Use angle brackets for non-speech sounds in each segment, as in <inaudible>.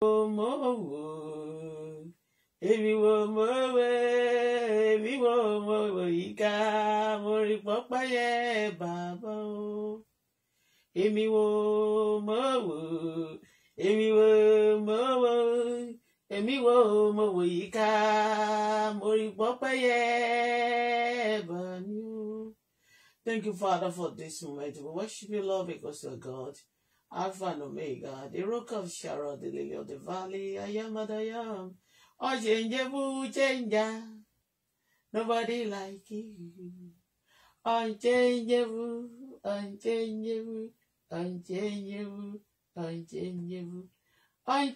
mo wò èmi wo mo wé èmi wo mo wò yíká mo rí pọ́pá yẹ bàbá o èmi wo mo wò èmi wo mo wò èmi wo mo wò yíká mo rí pọ́pá yẹ bàbá o. Thank you, Father, for this moment. We worship you, Lord, because you're God. Alpha and Omega, the rock of Sharon, the lily of the valley, I am what I am. Unchangeable change. nobody like you. Unchangeable, unchangeable, unchangeable, unchangeable. Unchangeable,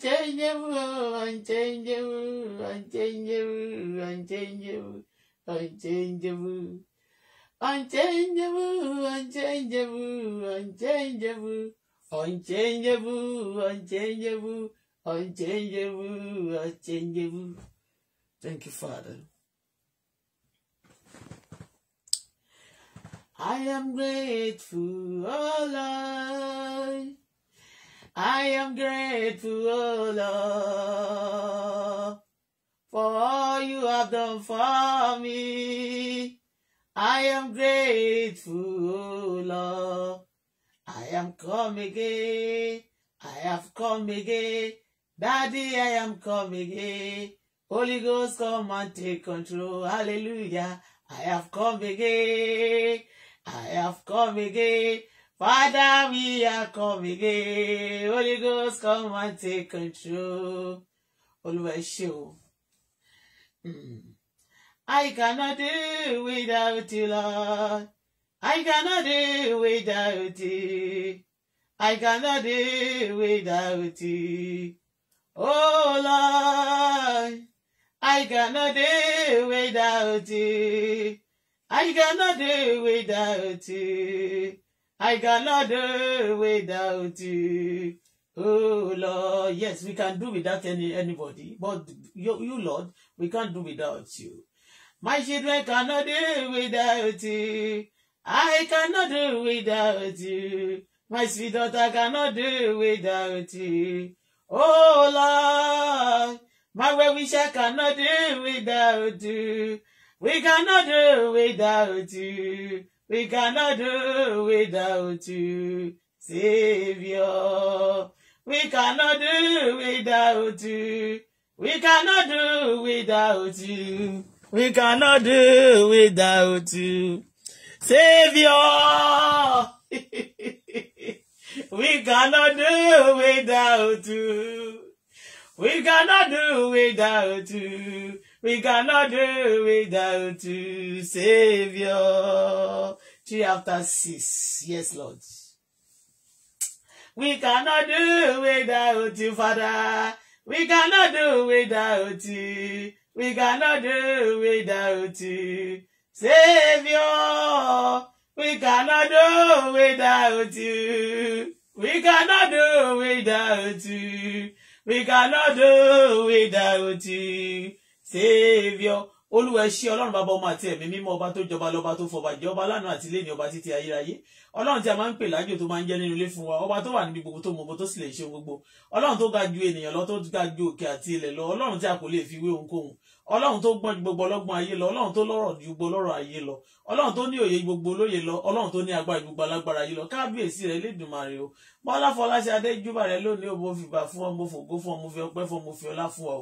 unchangeable, unchangeable, unchangeable, unchangeable. Unchangeable, unchangeable, unchangeable. Unchangeable, unchangeable, unchangeable, unchangeable. Thank you, Father. I am grateful, oh Lord. I am grateful, oh Lord, for all you have done for me. I am grateful, oh Lord. I am come again. I have come again. Daddy, I am come again. Holy Ghost, come and take control. Hallelujah. I have come again. I have come again. Father, we are come again. Holy Ghost, come and take control. Always show. o. Hmm. I cannot do without you, Lord. I cannot do without you. I cannot do without you. Oh Lord, I cannot do without you. I cannot do without you. I cannot do without you. Oh Lord, yes, we can do without any anybody, but you, you Lord, we can't do without you. My children cannot do without you. I cannot do without you. My sweet daughter cannot do without you. Oh Lord, my well wisher cannot do without you. We cannot do without you. We cannot do without you, Savior. We cannot do without you. We cannot do without you. We cannot do without you. Savior. <laughs> we cannot do without you. We cannot do without you. We cannot do without you, Savior. Three after six. Yes, Lord. We cannot do without you, Father. We cannot do without you. We cannot do without you. Savior. We cannot do without you. We cannot do without you. We cannot do without you. Savior. olúwa ṣe ọlọ́run bàbá ọmọ àti ẹ̀mí mímọ́ ọba tó jọba lọ́ba tó fọba jẹ́ ọba lánàá àti lẹ́ni ọba títí ayérayé ọlọ́run tí a máa ń pè lájò tó máa ń jẹ́ nínú ilé fún wa ọba tó wà níbi gbogbo tó mọ̀ bó tó sì lè ṣe gbogbo ọlọ́run tó ga ju ènìyàn lọ tó ga ju òkè àti ilẹ̀ lọ ọlọ́run tí a kò lè fi wé ohunkóhun ọlọ́run tó gbọ́n ju gbogbo ọlọ́gbọ́n ayé lọ ọlọ́run tó lọ́rọ̀ ju gbogbo ọlọ́rọ̀ ayé lọ ọlọ́run tó ní òye gbogbo olóye lọ ọlọ́run tó ní agbára gbogbo alágbára ayé lọ kábíyèsí rẹ lẹ́dùnmarè o bọ́lá fọláṣẹ adéjúbà rẹ lónìí o mo fìgbà fún ọ mo fògo fún ọ mo fi ọpẹ́ fún ọ mo fi ọlá fún ọ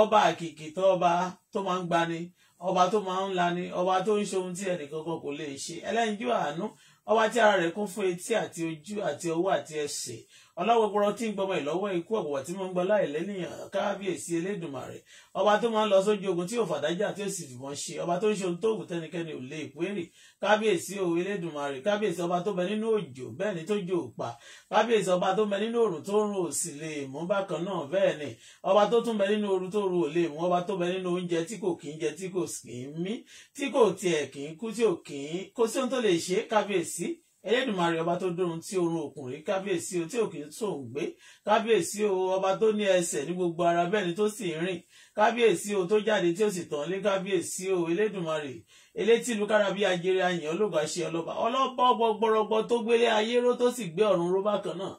ọba àkìkì tó ọba tó máa ń gbani ọba tó máa ń lani ọba tó ń ṣe ohun tí ẹnìkankan kò lè ṣe ẹlẹ́yinjú àánú ọba tí ara rẹ̀ kún fún etí àti ojú àti ọwọ́ àti ẹsẹ̀ ọlọ́wọ́pọ̀rọ̀ tí ń gbọmọ ìlọ́wọ́ ikú ọ̀pọ̀ tí mo ń gbọ́ láì lẹ́nìyàn kábíyèsí elédùnmarè ọba tó máa ń lọ sójú ogun tí ò fàdájà tí ó sì fìbọn ṣe ọba tó ń ṣe ohun tó wù tẹ́nikẹ́ni ò lè pérè kábíyèsí o elédùnmarè kábíyèsí ọba tó bẹ nínú òjò bẹ́ẹ̀ ni tó jò pa kábíyèsí ọba tó bẹ nínú òrùn tó rùn ò sì lè mú bákan náà bẹ́ẹ̀ ni ọba tó tún bẹ nínú ooru tó rùn ò lè mú ọba tó bẹ nínú oúnjẹ tí kò kì í jẹ tí kò sì kì í mí tí kò tiẹ̀ kì í kú tí ò kì í kó sí ohun tó lè ṣe kábíyèsí Elédùmarè ọba tó dóorun tí oorun òkun rí kábíyèsí o tí òkè sóun gbé kábíyèsí o ọba tó ní ẹsẹ̀ ní gbogbo ara bẹ́ẹ̀ ni tó sì rìn kábíyèsí o tó jáde tí ó sì tàn lé kábíyèsí o Elédùmarè elétìlú kárábí ajere àyàn ológun àṣẹ ọlọ́ba ọlọ́ba gbọgbọrọgbọ tó gbélé ayé ró tó sì gbé ọ̀run ró bákan náà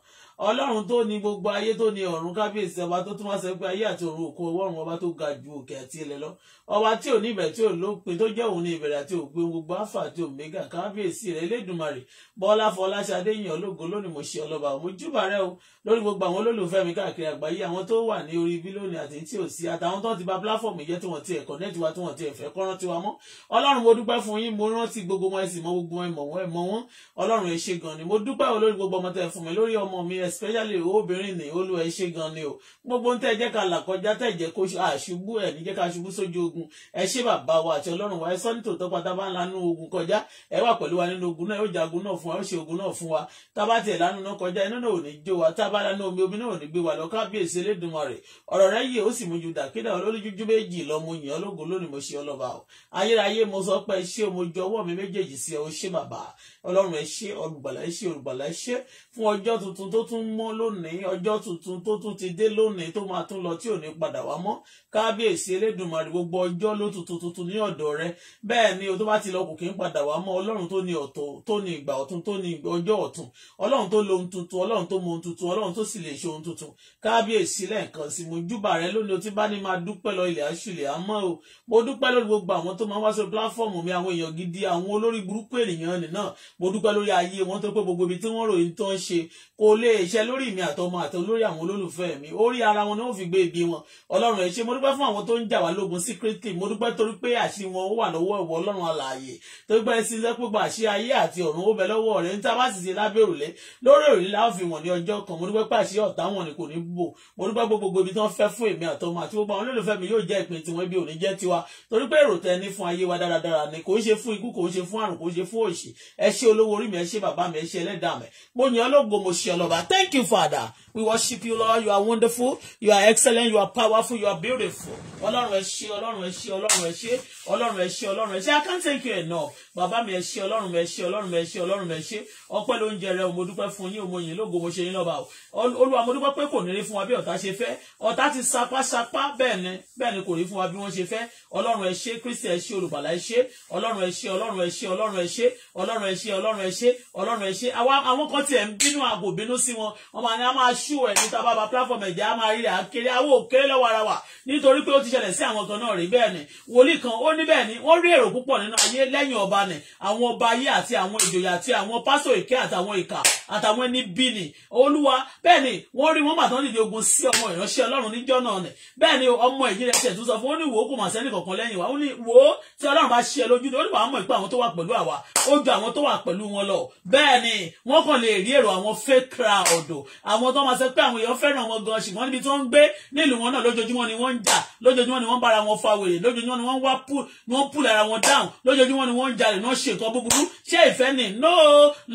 ọlọ́run tó ní gbogbo ayé tó ní ọ̀run kábíyèsí ọba tó tún wá ayé àti ọ̀run òkú ọwọ́run ọba tó ga ju òkè àti ilẹ̀ lọ ọba tí ò ní ìbẹ̀rẹ̀ tí ò lópin tó jẹ́ òun ní ìbẹ̀rẹ̀ àti òpin gbogbo alfa àti omega kábíyèsí rẹ̀ elédùnmarè bọ́lá fọláṣadé yàn ológo lónìí mo ṣe ọlọ́ba mo júbà rẹ o lórí gbogbo àwọn olólùfẹ́ mi káàkiri àgbáyé àwọn tó wà ní orí ibi lónìí àti tí ò sí àtàwọn tó ti ba pláfọ̀mù jẹ́ tí wọ́n ti ẹ̀kọ́ nẹ́ẹ̀tì wa tí wọ́n ti ẹ̀fẹ́ kọ́rán tiwa mọ́ ọlọ́run mo dúpẹ́ fún yín mo rántí gbogbo wọn ẹ̀sìn mọ gbogbo wọn ìmọ̀ wọn ẹ̀mọ́ wọn ọlọ́run ẹ ṣé gan ni mo dúpẹ́ o lórí gbogbo ọmọ tẹ fún mi lórí ọmọ mi especially obìnrin ni olú ẹ ṣé gan ni o gbogbo ń tẹ́ jẹ́ ká là tẹ́ jẹ́ kó àṣubú ẹ̀ ní jẹ́ ká ṣubú sójú ogun ẹ ṣé bàbá wa àti ọlọ́run wa ẹ sọ nítòótọ́ pa tábà lánú ogun kọjá ẹ wà pẹ̀lú wa nínú ogun náà ẹ jagun náà fún wa ó ṣe ogun náà fún wa tábà tiẹ̀ lánú náà kọjá iná náà ò ní jó wa tábà lánú omi omi náà ò ní gbé wa lọ kábíyèsí Elédùmarè ọ̀rọ̀ rẹ yìí ó sì mú ju dàkídà olójújú méjì lọ mo yìn ọlọ́gun lónìí mo ọlọ́run ẹ ṣé olùgbàlà ẹ ṣé olùgbàlà ẹ ṣé fún ọjọ́ tuntun tó tún mọ́ lónìí ọjọ́ tuntun tó tún ti dé lónìí tó máa tún lọ tí ò ní padà wá mọ́ kábíyèsí elédùnmarè gbogbo ọjọ́ ló tuntun tuntun ní ọ̀dọ̀ rẹ bẹ́ẹ̀ ni o tó bá ti lọ kò kí ń padà wá mọ́ ọlọ́run tó ní ọ̀tọ̀ tó ní ìgbà ọ̀tun tó ní ọjọ́ ọ̀tun ọlọ́run tó lo ohun tuntun ọlọ́run tó mọ ohun tuntun ọlọ́run tó sì lè ṣe ohun tuntun mo dúpẹ́ lórí ayé wọn tó pé gbogbo ibi tí wọ́n ròyìn tó ń ṣe kò lè ṣe lórí mi àtọmọ àti olórí àwọn olólùfẹ́ mi orí ara wọn ni wọ́n fi gbé ibi wọn ọlọ́run ẹ ṣé mo dúpẹ́ fún àwọn tó ń jà wá lógun secretly mo dúpẹ́ torí pé àṣírí wọn ó wà lọ́wọ́ ìwọ ọlọ́run alààyè tó gbẹ sí lẹpẹgbà àṣírí ayé àti ọ̀run ó bẹ lọ́wọ́ rẹ níta bá sì ṣe lábẹ́ òrùlé lórí òrùlé la fi wọn ní ọjọ́ kan mo dúpẹ́ pé àṣírí ọ̀tá wọn ni kò ní bò mo dúpẹ́ gbogbo ibi tí wọ́n fẹ́ fún èmi àtọmọ àti mi yóò jẹ́ ìpín tiwọn ibi ò ní jẹ́ tiwa ni kò ń ṣe fún ikú kò ń ṣe fún àrùn kò ń ṣe fún òṣì ẹ ṣé olówó orí mi ẹ ṣé bàbá mi ẹ mo yàn án lógo your Thank you, Father. We worship you, Lord. You are wonderful. You are excellent. You are powerful. You are beautiful. Ọlọ́run ẹ ṣé, Ọlọ́run ẹ Ọlọ́run ẹ Ọlọ́run ẹ Ọlọ́run ẹ I can't thank you enough. Bàbá mi ẹ ṣé, Ọlọ́run ẹ ṣé, Ọlọ́run ẹ ṣé, Ọlọ́run ẹ ṣé. Ọpẹ́ ló ń jẹrẹ o, mo dúpẹ́ fún yín o, mo yìn lógo, mo ṣe yín lọ́ba o. Olúwa mo dúpẹ́ pé kò ní rí fún wa bí ọ̀tá ṣe fẹ́. Ọ̀tá ti sapásapá bẹ́ẹ̀ ni bẹ́ẹ̀ ni kò rí fún wa bí wọ́n ṣe fẹ́. Ọlọ́run ẹ ṣé, Kristi ẹ ṣé, Olùgbàlà ẹ ṣé, Ọlọ́run ẹ ṣé, Ọlọ́run ẹ ṣé, Ọlọ́run ẹ ṣé, Ọlọ́run ṣú ẹ̀ níta bàbá platform ẹ̀jẹ̀ á máa rí rẹ̀ á kéré awó òkéré lọ́wọ́ ara wa nítorí pé ó ti ṣẹlẹ̀ sí àwọn kan náà rí bẹ́ẹ̀ ni wòlíì kan ó ní bẹ́ẹ̀ ni wọ́n rí èrò púpọ̀ nínú ayé lẹ́yìn ọba nì àwọn ọba ayé àti àwọn ìjòyè àti àwọn pásọ èké àtàwọn ìkà àtàwọn ẹni bí ni olúwa bẹ́ẹ̀ ni wọ́n rí wọ́n màtán dìde ogun sí ọmọ ìránṣẹ́ ọlọ́run níjọ́ náà nì bẹ́ẹ̀ ni ọmọ ìjì rẹ̀ tiẹ̀ tún sọ fún ó ní wò ó kò mà sẹ́ni kankan lẹ́yìn wa ó ní wò ó tí ọlọ́run bá ṣe lójú ni ó ní wàá mọ̀ ìpé àwọn tó wà pẹ̀lú àwa ó ju àwọn tó wà pẹ̀lú wọn lọ bẹ́ẹ̀ ni wọ́n kàn lè rí èrò àwọn fake crowd àwọn tó máa máa sọ pé àwọn èèyàn fẹ́ràn wọn gan ṣùgbọ́n níbi tí wọ́n ń gbé nílùú wọn náà lójoojúmọ́ ni wọ́n ń jà lójoojúmọ́ ni wọ́n bára wọn fa wèrè lójoojúmọ́ ni wọ́n wá pù ni wọ́n pùlẹ̀ ara wọn down lójoojúmọ́ ni wọ́n ń jalè náà ṣe nǹkan búburú ṣé ìfẹ́ ni no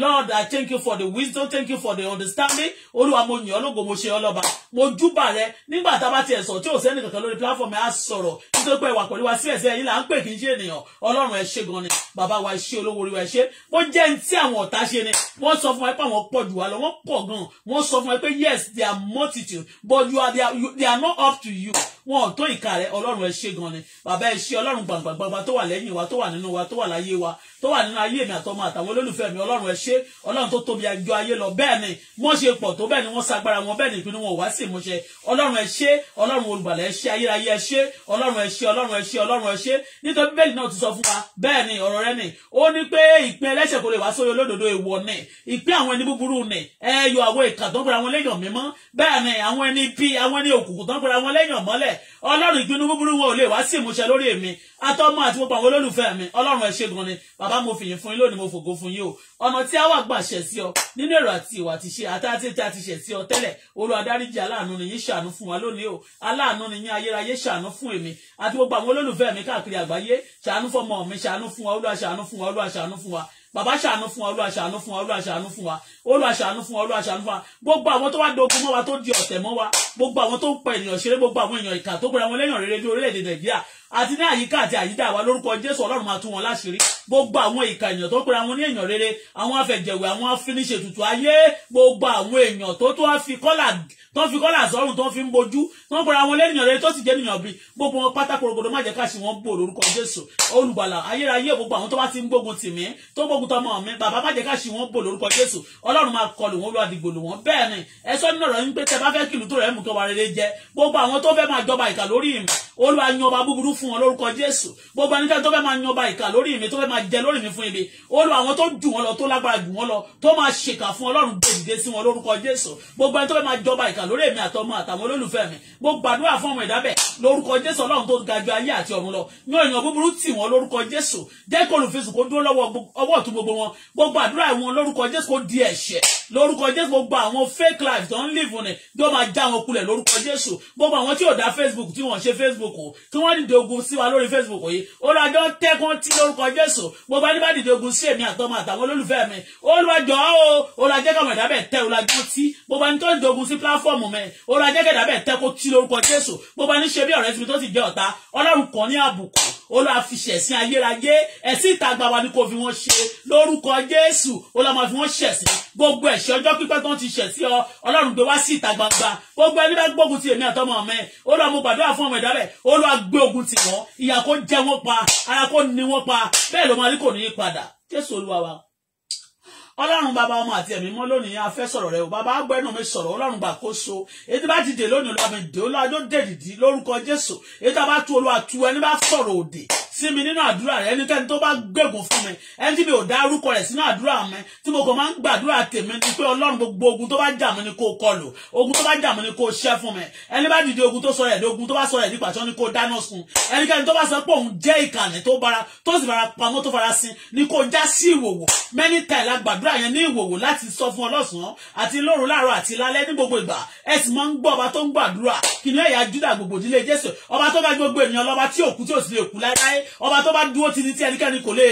Lord I thank you for the wisdom thank you for the understanding olúwa mo yàn ológo mo ṣe ọlọ́ba mo júbà rẹ nígbà tá a bá tiẹ̀ sọ tí ò sẹ́ni kankan lórí platform á sọ̀rọ̀ nítorí pé ìwà pẹ̀lú wa sí ẹ̀sẹ̀ yìí là ń pè kí n ṣe ènìyàn ọlọ́run ẹ ṣé gan ni bàbá wa ẹ ṣé olówó orí wa ẹ ṣé bó jẹ́ ní tí àwọn ọ̀tá ṣe ni wọ́n sọ fún wa pé àwọn pọ̀ jù wá lọ wọ́n pọ̀ gan wọ́n sọ fún wa pé y yes they are multitude but you are they are, you, they are not up to you wọn ò tó ìka rẹ ọlọ́run ẹ ṣe gan ni bàbá ẹ ṣe ọlọ́run gbàgbàgbàgbà tó wà lẹ́yìn wa tó wà nínú wa tó wà láyé wa tó wà nínú ayé mi àtọmọ àtàwọn olólùfẹ́ mi ọlọ́run ẹ ṣe ọlọ́run tó tóbi àjọ ayé lọ bẹ́ẹ̀ ni wọ́n ṣe pọ̀ tó bẹ́ẹ̀ ni wọ́n sagbára wọn bẹ́ẹ̀ ni ìpinnu wọn ò wá sí ìmúṣẹ ọlọ́run ẹ ṣe ọlọ́run olùgbàlà ẹ ṣe ayérayé ẹ ṣe ọlọ́run ẹ ṣe ọlọ́run ẹ ṣe ọlọ́run ẹ ṣe nítorí bẹ́ẹ̀ náà ti sọ fún wa bẹ́ẹ̀ ni ọ̀rọ̀ rẹ ni ó ní pé ìpín ẹlẹ́ṣẹ̀ kò lè wá sórí olódodo èèwọ̀ ni ìpín àwọn ẹni búburú ni ẹ yọ àwọn ìkà tó ń èèyàn mímọ́ bẹ́ẹ̀ ni àwọn ẹni bí àwọn ẹni òkùnkùn tán pera wọn lẹ́yìn ọ̀mọ́lẹ̀ ọlọ́run ìpinnu búburú wọn ò lè wá sí ìmúṣẹ lórí èmi atọ́mọ àti gbogbo àwọn olólùfẹ́ mi ọlọ́run ẹ ṣé gan ni bàbá mo fìyìn fún yín lónìí mo fògo fún yín o ọ̀nà tí a wà gbà ṣẹ̀ sí ọ nínú èrò àti ìwà àti ṣe àtàtì tí a ti ṣẹ̀ sí ọ tẹ́lẹ̀ Olúwa dáríjì aláàánú ni yín ṣàánú fún wa lónìí o aláàánú ni yín ayérayé ṣàánú fún èmi àti gbogbo àwọn olólùfẹ́ mi káàkiri àgbáyé ṣàánú fọmọ mi ṣàánú fún wa Olúwa ṣàánú fún wa Olúwa ṣàánú fún wa bàbá ṣàánú fún wa olúwa ṣàánú fún wa olúwa ṣàánú fún wa olúwa ṣàánú fún wa olúwa ṣàánú fún wa gbogbo àwọn tó wá dogun mọ́ wa tó di ọ̀tẹ̀ mọ́ wa gbogbo àwọn tó ń pa ènìyàn ṣeré gbogbo àwọn èèyàn ìkà tó gbéra wọn lẹ́yìn rere ní orílẹ̀-èdè nàìjíríà àti ní àyíká àti àyídà wa lórúkọ jésù ọlọ́run máa tú wọn láṣìírí gbogbo àwọn ìka èèyàn tó pera wọn ní èèyàn rere àwọn afẹ̀jẹ̀wẹ̀ àwọn afiniṣètùtù ayé gbogbo àwọn èèyàn tó tó fi kọ́là tó fi kọ́là sọ́run tó fi ń bojú tó pera wọn lẹ́nìyàn rere tó sì jẹ́ ènìyàn bí gbogbo wọn pátá korogodo má jẹ́ ká sí wọn bò lórúkọ jésù olùgbàlà ayérayé gbogbo àwọn tó bá ti ń gbógun tì mí tó gbógun tọmọ mi bàbá má jẹ́ ká sí wọn bò lórúkọ jésù ọlọ́run máa kọlù wọn lọ àdìgbòlù wọn bẹ́ẹ̀ ni ẹ sọ nínú ọ̀rọ̀ yín pé tẹ bá fẹ́ kìlú tó rẹ̀ mú tó rere jẹ gbogbo àwọn tó fẹ́ máa jọba ìkà lórí ìmọ̀ olùwàyàn ọba búburú fún wọn lórúkọ jésù gbogbo anìkan tó fẹ́ máa yan ọba ìka lórí mi tó fẹ́ máa jẹ lórí mi fún ibi ó àwọn tó dùn wọn lọ tó lágbára jù wọn lọ tó máa ṣèkà fún ọlọ́run gbèdìde sí wọn lórúkọ jésù gbogbo ẹni tó fẹ́ máa jọba ìka lórí èmi àtọmọ àtàwọn olólùfẹ́ mi gbogbo àdúrà fún ọmọ ìdábẹ̀ lórúkọ jésù ọlọ́run tó ga ju ayé àti ọ̀run lọ yan búburú tì wọn lórúkọ jésù jẹ́ kó olùfisùn kó dúró lọ́wọ́ ogun sí wa lórí Facebook yìí olùwàjọ tẹkùn tí lórúkọ Jésù gbogbo aníbà dìde ogun sí èmi àtọmọ àtàwọn olólùfẹ́ mi olùwàjọ o olùwàjẹ kàwọn ẹ̀dá bẹ́ẹ̀ tẹ olùwàjọ tí gbogbo anítọ dìde ogun sí pílàfọọmù mi olùwàjẹ kẹdà bẹ́ẹ̀ tẹ kó tí lórúkọ Jésù gbogbo aníṣe bí ọ̀rẹ́ tí mi tó sì jẹ ọ̀tá Ọlọ́run kàn ní àbùkù olúwa fi ṣẹ̀sín ayérayé ẹ̀sìn ìta gbàgbà ni kò fi wọ́n ṣe lórúkọ jésù olúwa máa fi wọ́n ṣẹ̀sín gbogbo ẹ̀ṣẹ̀ ọjọ́ pípẹ́ tó ń ti ṣẹ̀ sí ọ ọlọ́run gbé wá sí ìta gbangba gbogbo ẹni bá gbógun ti èmi àtọmọ mi olúwa mo gbàdúrà fún ọmọ ẹ̀dá bẹ̀ olúwa gbé ogun tì wọ́n ìyà kó jẹ wọ́n pa ara kó ni wọ́n pa bẹ́ẹ̀ ló máa ní padà jésù olúwa wa ọlọ́run bàbá ọmọ àti ẹ̀mí mọ́ lónìí a fẹ́ sọ̀rọ̀ rẹ o bàbá agbẹ́nu mi sọ̀rọ̀ ọlọ́run gbà kó so ètò bá ti dè lónìí olúwa mi dè olúwa tó dè dìdí lórúkọ jésù ètò àbá tu olúwa tu ẹni bá sọ̀rọ̀ òdè sí mi nínú àdúrà rẹ ẹnikẹ́ni tó bá gbẹ̀gùn fún mi ẹni tí mi ò dárúkọ rẹ̀ sínú àdúrà mi tí mo kàn máa ń gbàdúrà tèmi ni pé ọlọ́run gbogbo ogun tó bá jà mí ni kó kọlù ogun tó bá jà mí ni kó ṣẹ́ fún mi ẹni bá dìde ogun tó sọ rẹ̀ ogun tó bá sọ rẹ̀ nípa tí ni ní kó dáná sun ẹnikẹ́ni tó bá sọ pé òun jẹ́ ìkànnì tó bara tó sì bara pamọ́ tó fara sin ni kó já sí ìwòwò mẹ́ni tà ìlà gbàdúrà yẹn ní ìwòwò láti sọ fún ọlọ́sàn àti lóru láàárọ̀ àti lálẹ́ ní gbogbo ìgbà ẹ sì máa ń gbọ́ ọba tó ń gbàdúrà kìnìún ẹ̀yà júdà gbogbo ìdílé jésù ọba tó bá gbogbo ènìyàn lọ́ba tí òkú tí ò sì lè kú láéláé ọba tó bá dúró ti ní tí ẹnikẹ́ni kò lè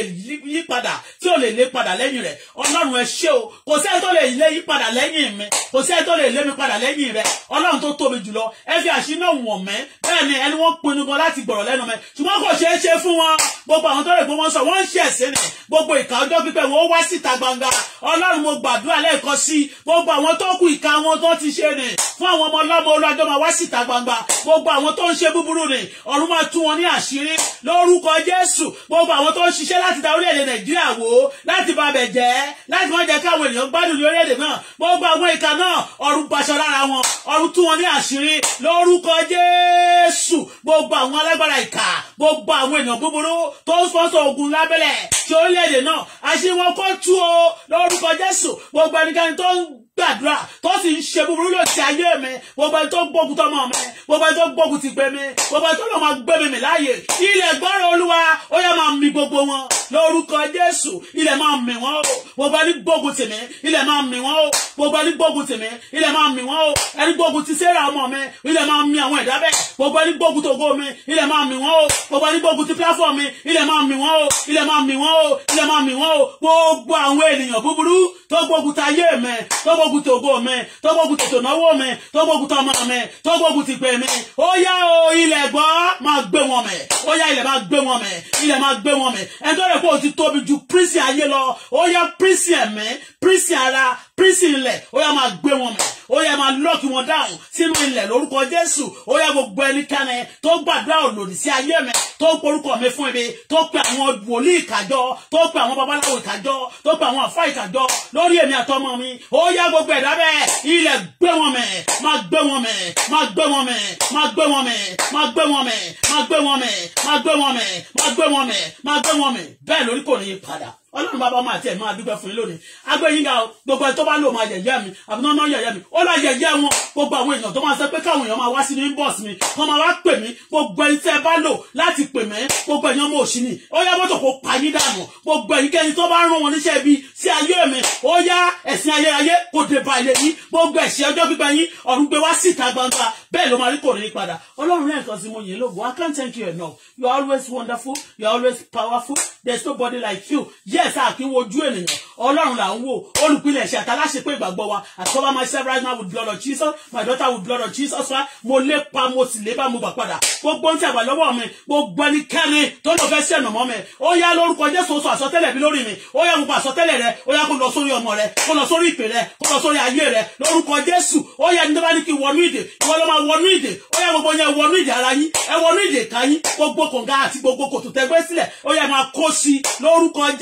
yí padà tí ò lè lé padà lẹ́yìn rẹ̀ ọlọ́run ẹ ṣé o kò sẹ́ni tó lè lé yí padà lẹ́yìn mi kò sẹ́ni tó lè lé mi padà lẹ́yìn rẹ̀ ọlọ́run tó tóbi jùlọ ẹ fi àṣínà wọ̀n mẹ́ bẹ́ẹ̀ ni ẹni wọ́n pinnu gan láti gbọ̀rọ̀ lẹ́nu mẹ́ ṣùgbọ́n kò ṣeé ṣe fún wọn gbogbo àwọn tó lè gbọ́ wọn sọ wọ́n ń ṣe ẹ̀sìn ni gbogbo ìka ọjọ́ pípẹ́ wọn wá síta gbangba ọlọ́run mo gbàdúrà lẹ́ẹ̀kan sí gbogbo àwọn tó kù ìka wọn tó ti ṣe ni fún àwọn ọmọ ọlọ́mọ olùwàjọ́ máa wá síta gbangba gbogbo àwọn tó ń ṣe búburú ni ọ̀run máa tú wọn ní àṣírí lórúk lórúkọ jésù gbogbo àwọn tó ń ṣiṣẹ́ láti da orílẹ̀-èdè nàìjíríà wò láti bà bẹ̀ jẹ́ láti má jẹ́ káwọn ènìyàn gbádùn ní orílẹ̀-èdè náà gbogbo àwọn ìka náà ọ̀run gbaṣọ lára wọn ọ̀run tú wọn ní àṣírí lórúkọ jésù gbogbo àwọn alágbára ìka gbogbo àwọn ènìyàn búburú tó ń sponsor ogun lábẹ́lẹ̀ ti orílẹ̀-èdè náà àṣírí wọn kó tú o lórúkọ jésù gbogbo ẹnikẹ́ni tó ń gbàdúrà tó sì ń ṣe búburú ló ti ayé mi gbogbo ẹni tó gbógun tọmọ mi gbogbo ẹni tó gbógun ti gbé mi gbogbo ẹni tó lọ máa gbé mi mi láàyè ilẹ̀ gbọ́rọ̀ olúwa ó yẹ máa mi gbogbo wọn lórúkọ jésù ilẹ̀ máa mì wọ́n o gbogbo ẹni gbógun tì mí ilẹ̀ máa mì wọ́n o gbogbo ẹni gbógun tì mí ilẹ̀ máa mì wọ́n o ẹni gbógun ti sẹ́ra ọmọ mi ilẹ̀ máa mi àwọn ẹ̀dá bẹ́ẹ̀ gbogbo ẹni gbógun tògo mi ilẹ̀ máa mì wọ́n o gbogbo ẹni gbógun ti pláfọ̀ mi ilẹ̀ máa mì wọ́n o ilẹ̀ máa mì wọ́n o ilẹ̀ máa mì wọ́n o gbogbo àwọn ènìyàn búburú tó gbógun tayé mi tó gbógun gbógunti ògo mi tó gbógunti tònáwó mi tó gbógunti ọmọ mi tó gbógunti ìpè mi ó yá o ilẹ̀ gbọ́ máa gbé wọn mẹ̀ ó yá ilẹ̀ máa gbé wọn mẹ̀ ilẹ̀ máa gbé wọn mẹ̀ ẹjọ́ rẹ̀ kó ti tóbi ju prísì aye lọ Oya yá me prison ara prison ilẹ̀ ó yá máa gbé wọn mọ̀ ó yá máa lọ́ọ̀kì wọn dáhùn sínú ilẹ̀ lórúkọ Jésù ó yá gbogbo ẹnikẹ́ni tó gbàdúrà òlòdì sí ayé mi tó porúkọ mi fún ibi tó pe àwọn wòlíì ìkàjọ tó pe àwọn babaláwo ìkàjọ tó pe àwọn àfa ìkàjọ lórí èmi àtọmọ mi ó yá gbogbo ẹ̀dá bẹ́ẹ̀ ilẹ̀ gbé wọn mẹ̀ máa gbé wọn mẹ̀ máa gbé wọn mẹ̀ máa gbé wọn mẹ̀ máa gbé wọn mẹ̀ máa gbé wọn mẹ̀ máa gbé wọn mẹ̀ máa gbé wọn mẹ̀ máa gbé wọn mẹ̀ bẹ́ẹ̀ lórí kò ní í padà ọlọ́run bàbá ọmọ àti ẹ̀ máa dúpẹ́ fún yín lónìí agbẹ́yìnga gbogbo ẹ̀ tó bá lò máa yẹ̀yẹ́ mi àbúnáná yẹ̀yẹ́ mi ó lọ yẹ̀yẹ́ wọn gbogbo àwọn èèyàn tó máa sọ pé káwọn èèyàn máa wá sínú inbox mi wọ́n máa wá pè mí gbogbo ẹni tẹ́ ẹ bá lò láti pè mí gbogbo ẹ̀yàn mo ṣì ní ó yá mọ́tò kó pa yín dànù gbogbo ẹ̀yìn kẹ́yìn tó bá rán wọn níṣẹ́ ibi sí ayé mi ó yá ẹ̀sìn ayérayé kò dé ba ilé yín gbogbo ẹ̀ṣẹ̀ ọjọ́ pípẹ́ yín ọ̀run gbé wá síta gbangba bẹ́ẹ̀ ló máa rí kò ní padà ọlọ́run lẹ́ẹ̀kan sí mo yìn lógo I can't thank you enough you are always wonderful you are always powerful there is nobody like you yes bẹ́ẹ̀ sáà kí ènìyàn ọlọ́run là ń wò olùpilẹ̀ṣẹ̀ àtàláṣepé ìgbàgbọ́ wa I cover myself right now with blood of Jesus my daughter with blood of Jesus wa mo lépa mo sì lépa mo gbà padà gbogbo ń tí àgbà lọ́wọ́ mi gbogbo ẹnikẹ́ni tó lọ fẹ́ sẹ́nu mọ́ mi ó yá lórúkọ Jésù sọ àsọtẹ́lẹ̀ mi lórí mi ó yá gbogbo àsọtẹ́lẹ̀ rẹ ó yá kó lọ sórí ọmọ rẹ kó lọ sórí ìpè rẹ kó lọ sórí ayé rẹ lórúkọ Jésù ó yá nígbà ní kí wọnú ìdè ìwọ ló máa wọnú ìdè ó yá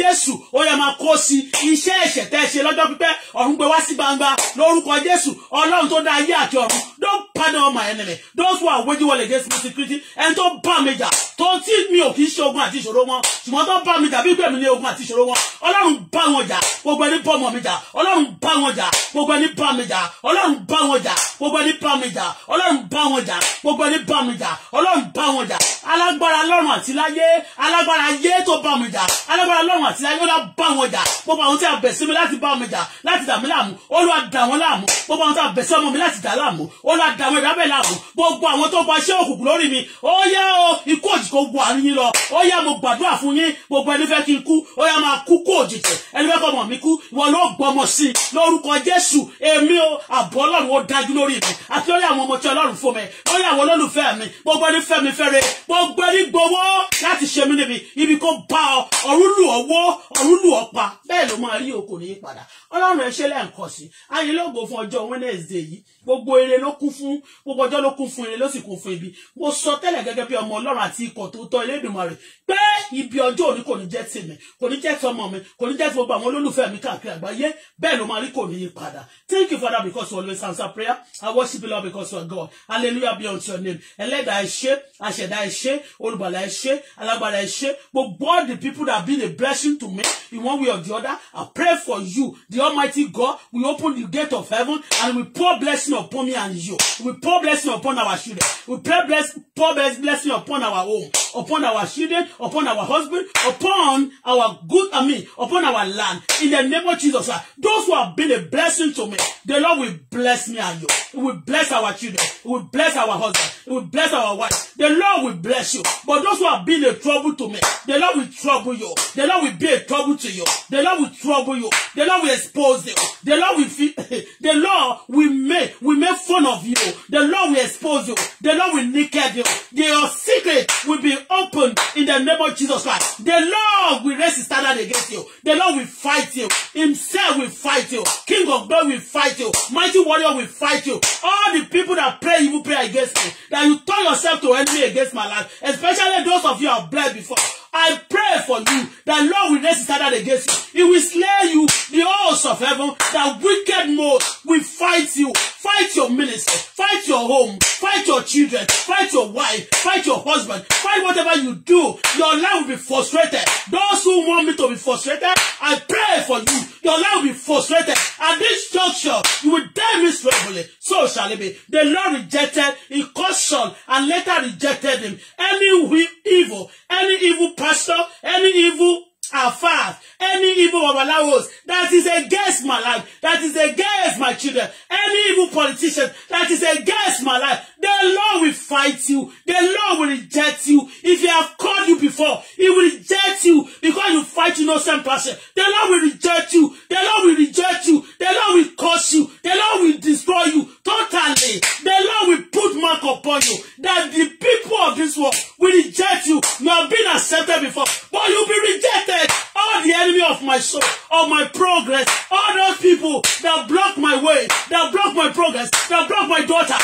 gbogbo jésù ó yẹ máa kó sí iṣẹ́ ẹ̀ṣẹ̀ tẹ́ ṣe lọ́jọ́ pípẹ́ ọ̀run gbé wá sí gbangba lórúkọ jésù ọlọ́run tó dá ayé àti ọ̀run don't pardon my enemy those who are waging war against me security ẹni tó bá mi jà tó tí mi ò kì í ṣe ogun àti ìṣòro wọn ṣùgbọ́n tó bá mi jà bí ìgbẹ́ mi ní ogun àti ìṣòro wọn ọlọ́run bá wọn jà gbogbo ẹni bọ́mọ mi jà ọlọ́run bá wọn jà gbogbo ẹni bá mi jà ọlọ́run bá wọn jà gbogbo ẹni bá mi jà ọlọ́run bá wọn jà gbogbo ẹni bá mi jà ọlọ́run bá wọn jà alágbára lọ́run àti láyé alágbára ayé tó bá mi jà alágbára lọ́run àti láyé yín lá bá wọn jà gbogbo àwọn tí a bẹ̀ sí mi láti bá wọn jà láti dà mí láàmú olúwa dà wọn láàmú gbogbo àwọn tí a bẹ̀ sí ọmọ mi láti dà láàmú olúwa dà wọn ìdábẹ̀ láàmú gbogbo àwọn tó bá iṣẹ́ òkùnkùn lórí mi ó yá o ikú òjì kò bu àárín yín lọ ó yá mo gbàdúrà fún yín gbogbo ẹni fẹ́ kí n kú ó yá máa kú kó òjìjẹ ẹni fẹ́ kọ́ ọmọ mi kú wọn ló gbọmọ sí lórúkọ jésù èmi o àbọ̀ ọlọ́run ó dájú lórí mi àti lórí àwọn ọmọ tí ọlọ́run fún mi lórí àwọn olólùfẹ́ mi gbogbo ẹni fẹ́ mi fẹ́re gbogbo ẹni gbowó láti ṣe mí níbi ibi kó bá ọ ọ̀run ọwọ́ ọ̀run lù ọ́ pa bẹ́ẹ̀ ló máa rí òkò ní padà ọlọ́run ẹ ṣe lẹ́ǹkan sí ayé lọ́gbọ̀ fún ọjọ́ Wednesday yìí gbogbo ire ló kún fún gbogbo ọjọ́ ló kún fún ire ló sì kún fún ibi mo sọ tẹ́lẹ̀ gẹ́gẹ́ bí ọmọ ọlọ́run àti ikọ̀ tó tọ́ Elédùmarè pé ibi ọjọ́ òní kò ní jẹ́ tèmi kò ní jẹ́ tọmọ mi kò ní jẹ́ ti gbogbo àwọn olólùfẹ́ mi káàkiri àgbáyé bẹ́ẹ̀ ló máa rí kò ní yí padà thank you father because you always answer prayer i worship you lord because you are god hallelujah be unto your name ẹlẹ́dàá ẹ ṣé aṣẹ̀dá ẹ ṣé olùgbàlà ẹ ṣé alágbára ẹ ṣé gbogbo all the people that been a blessing to me in one way or the other i pray for you the almighty god we open the gate of heaven and we pour blessing blessing upon me and you. We pour blessing upon our children. We pray bless, pour bless, blessing upon our home, upon our children, upon our husband, upon our good, I mean, upon our land. In the name of Jesus, those who have been a blessing to me, the Lord will bless me and you. We will bless our children. We will bless our husband. We will bless our wife. The Lord will bless you. But those who have been a trouble to me, the Lord will trouble you. The Lord will be a trouble to you. The Lord will trouble you. The Lord will expose you. The Lord will feel, <laughs> the Lord will make will make fun of you. The Lord will expose you. The Lord will naked you. Your secret will be opened in the name of Jesus Christ. The Lord will raise his standard against you. The Lord will fight you. Himself will fight you. King of God will fight you. Mighty warrior will fight you. All the people that pray evil prayer against me, that you turn yourself to enemy against my life, especially those of you who are blessed before. I pray for you that Lord will not stand against you. He will slay you. The hosts of heaven, that wicked mode will fight you. Fight your ministry. Fight your home. Fight your children. Fight your wife. Fight your husband. Fight whatever you do. Your life will be frustrated. Those who want me to be frustrated, I pray for you. Your life will be frustrated. At this juncture, you will die miserably. So shall it be. The Lord rejected, he cautioned, and later rejected him. Any evil, any evil pastor, any evil afar, any evil of our babalawos that is against my life, that is against my children, any evil politician that is against my life, The Lord will fight you. The Lord will reject you. If he have called you before, he will reject you because you fight no same person. The Lord will reject you. The Lord will reject you. The Lord will curse you. The Lord will destroy you totally. The Lord will put mark upon you that the people of this world will reject you. You have been accepted before, but you'll be rejected. All the enemy of my soul, of my progress, all those people that block my way, that block my progress, that block my daughter,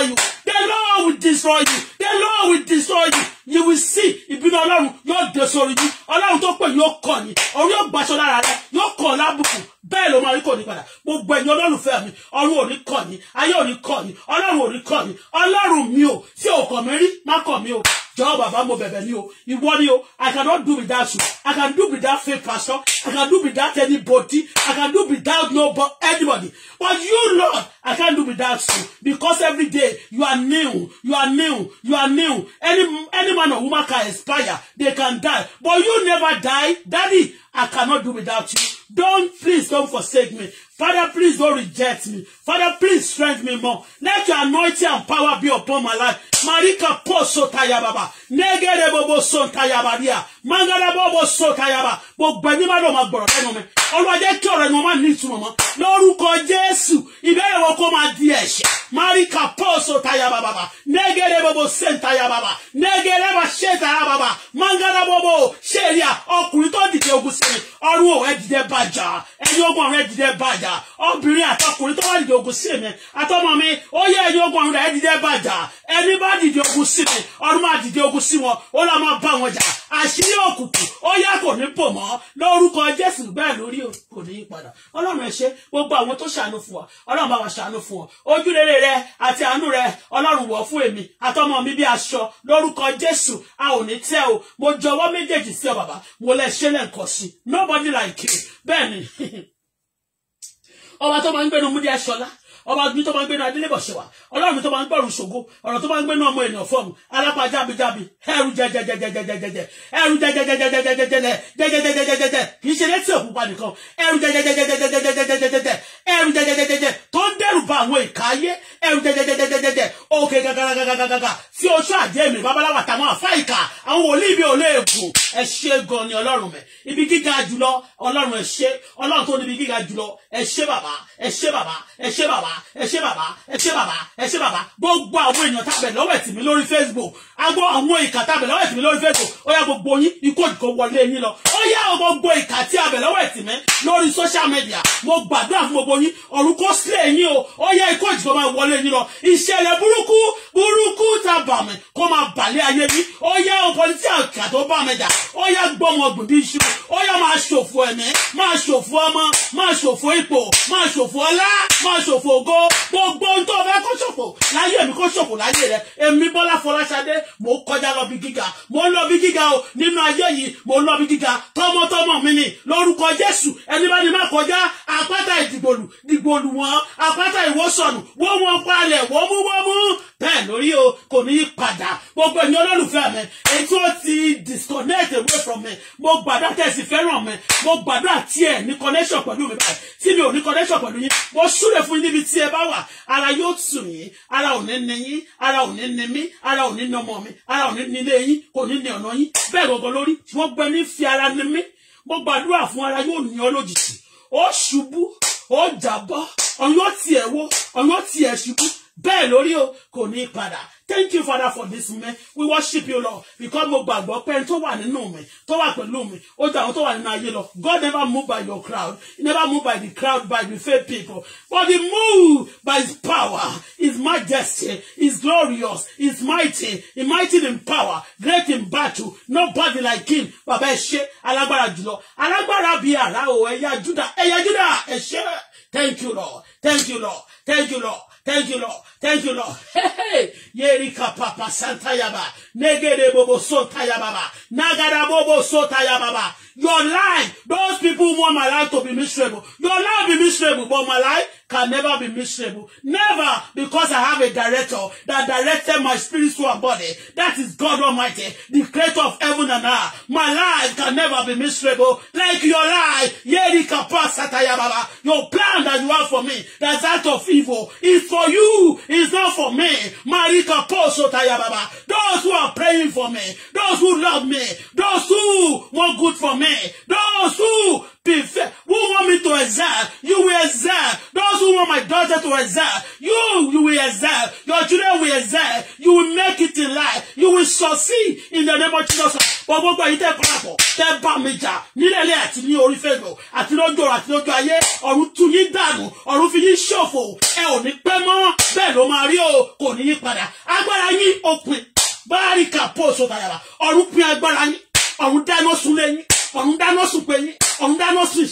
destroy you. The Lord will destroy you. The Lord will destroy you. You will see if you yóò your destroy you. Allow to pè your kọ̀ or your yóò gbaṣọ lára rẹ̀. Yóò kọ̀ lábùkù. Bẹ́ẹ̀ ló máa rí kò ní padà. Gbogbo ẹ̀yin olólùfẹ́ mi. Ọ̀run ò ní kọ̀ ni. Ayé ò ní kọ̀ ni. Ọlọ́run ò ní kọ̀ ni. Ọlọ́run mi o. Tí o kọ̀ mi rí, má kọ̀ mi I cannot do without you. I can do without faith pastor. I can do without anybody. I can do without nobody, anybody. But you Lord, I can't do without you because every day you are new, you are new, you are new. Any any man or woman can expire, they can die, but you never die, Daddy. I cannot do without you. Don't please don't forsake me. Father, please don't reject me. Father, please strengthen me more. Let your anointing and power be upon my life. Marika po sotayababa. Negere bobo sotayabaria. Mangara bobo sotayaba. Gbogbo ẹni máa lọ máa gbọ̀rọ̀ lẹ́nu mi. Olúwa jẹ́ kí ma ni wọn mama. ní ìtumọ̀ mọ́. Lórúkọ Jésù, ìbéèrè wọn kó máa di ẹ̀ṣẹ̀. Marika po sotayababa. Negere bobo sentayababa. Negere ma ṣetayababa. Mangara bobo ṣèlíà ọkùnrin tó dìde ogun sí mi. Ọrùn òwe dìde báyìí bàjá ẹ̀yin ogun ọ̀run ẹ dìde bàjá obìnrin àtọkùnrin tó bá dìde ogun sí mi àtọmọ mi ó yẹ ẹ̀yin ogun ọ̀run ẹ dìde bàjá ẹni bá dìde ogun sí mi ọdún máa dìde ogun sí wọn ó lọ máa bá wọn jà àṣírí òkùnkùn ó yá kò ní bò mọ́ lórúkọ Jésù bẹ́ẹ̀ lórí kò ní í padà Ọlọ́run ẹ gbogbo àwọn tó ṣàánú fún wa Ọlọ́run bá wa ṣàánú fún ọ ojúrere rẹ àti àánú rẹ Ọlọ́run wọ̀ fún èmi àtọmọ mi bí aṣọ lórúkọ Jésù a ò ní tẹ́ o mo jọ̀wọ́ méjèèjì sí ọ bàbá mo lẹ ṣe lẹ́ǹkan sí nobody like you bẹ́ẹ̀ ni ọba tó máa ń gbẹ́nu múdí aṣọlá ọba mi tó máa ń gbénu adélébọ̀ ṣe wà ọlọ́run mi tó máa ń gbọ́rùn ṣògo ọ̀rọ̀ tó máa ń gbénu ọmọ ènìyàn fọ́ọ̀mù alápá jábíjábí ẹrù jẹjẹjẹjẹjẹjẹjẹ ẹrù jẹjẹjẹjẹjẹjẹjẹjẹjẹjẹjẹjẹjẹ kì í ṣe létí òpupa nìkan bàbá ẹ ṣé bàbá ẹ ṣé bàbá ẹ ṣé bàbá gbogbo àwọn èèyàn tàbẹ̀ lọ́wọ́ ẹ̀tì mi lórí Facebook agbó àwọn ìkà tá a bẹ̀ lọ́wọ́ ẹ̀tìmí lórí fẹ́ẹ̀tò ó yá gbogbo yín ikú òjìkò wọlé yín lọ ó yá gbogbo ìkà tí a bẹ̀ mi ẹ̀tìmí lórí social media mo gbàdúrà fún gbogbo yín ọ̀run kó sílẹ̀ yín o ó yá ikú òjìkò máa wọlé yín lọ ìṣẹ̀lẹ̀ burúkú burúkú tá a bà mí kó máa bàlẹ́ ayé mi ó yá pọlítí àkà tó bá mi jà ó yá gbọ́mọ gbòdì iṣu ó yá máa ṣòfò ẹ̀mí máa ṣòfò ọmọ máa ṣòfò ipò máa ṣòfò ọlá máa ṣòfò ògo gbogbo ohun tó fẹ́ kó ṣòfò mi kó ṣòfò láyé mo kọjá lọ bí gíga mo ń lọ bí gíga o nínú ayé yìí mo ń lọ bí gíga tọmọtọmọ mi ni lórúkọ Jésù ẹni bá ní má kọjá àpáta ìdìgbòlù dìgbòlù wọn àpáta ìwòsànù wọ́n wọn palẹ̀ wọ́n mú wọ́n mú bẹ́ẹ̀ lórí o kò ní í padà gbogbo ẹni olólùfẹ́ mi èyí ti disconnect away from me mo gbàdá tẹ̀sí fẹ́ràn mi mo gbàdá tiẹ̀ ní connection pẹ̀lú mi báyìí tí mi ò ní connection pẹ̀lú yín mo súre fún yín níbi tí ẹ bá wà ara yóò tù yín ara ò ní ní yín ara ò ní ní mí ara ò ní ní mi ara ò ní nílé yín kò ní ní ọ̀nà yín bẹ́ẹ̀ gọ̀gọ̀ lórí wọ́n gbẹ ní fi ara ni mí mo gbàdúrà fún ara yóò ní ọ lójijì ó ṣubú ó jàbọ́ ọ̀yọ́ tiẹ̀ wo ọ̀yọ́ tiẹ̀ ṣubú bẹ́ẹ̀ lórí o kò ní padà thank you father for this moment we worship you lord because mo gbàgbọ́ pé ẹni tó wà nínú mi tó wà pẹ̀lú mi ó jẹ́ àwọn tó wà nínú ayé lọ god never move by your crowd he never move by the crowd by the fake people but he move by his power his majesty his glorious his mighty he mighty in power great in battle nobody like him bàbá ẹ ṣé alágbára jùlọ alágbára bíi àrà o ẹ̀yà juda ẹ̀yà juda ẹ ṣé thank you lord thank you lord thank you lord. Thank you, Lord. Thank you, Lord. Hey, Yerika Papa Santa Yaba. Negede Bobo Sota Yababa. Nagada Bobo Sota Yababa. Your life, those people want my life to be miserable. Your life be miserable, but my life can never be miserable. Never, because I have a director that directed my spirit to a body. That is God Almighty, the creator of heaven and earth. My life can never be miserable. Like your life, your plan that you have for me, that's out of evil, is for you, is not for me. Those who are praying for me, those who love me, those who want good for me, wanted to excel, you, you will excel. Your children will excel. You will make it in life. You will succeed in the name of Jesus. But gbogbo yìí tẹ́ parapọ̀, tẹ́ bá mi jà nílẹ̀ me àti ní orí Facebook àti lójú ọ̀rọ̀ àti lójú ayé. Ọ̀run tú yín Or ọ̀run fi yín ṣòfò. Ẹ ò ní pẹ́ mọ́, bẹ́ẹ̀ ló máa rí o, kò ní yí padà. Agbára yín òpin. Báàrí kàpọ̀ sọ̀tà yàrá. Ọ̀run pin agbára yín. Ọ̀run dáná I lé yín. Ọ̀run dáná sun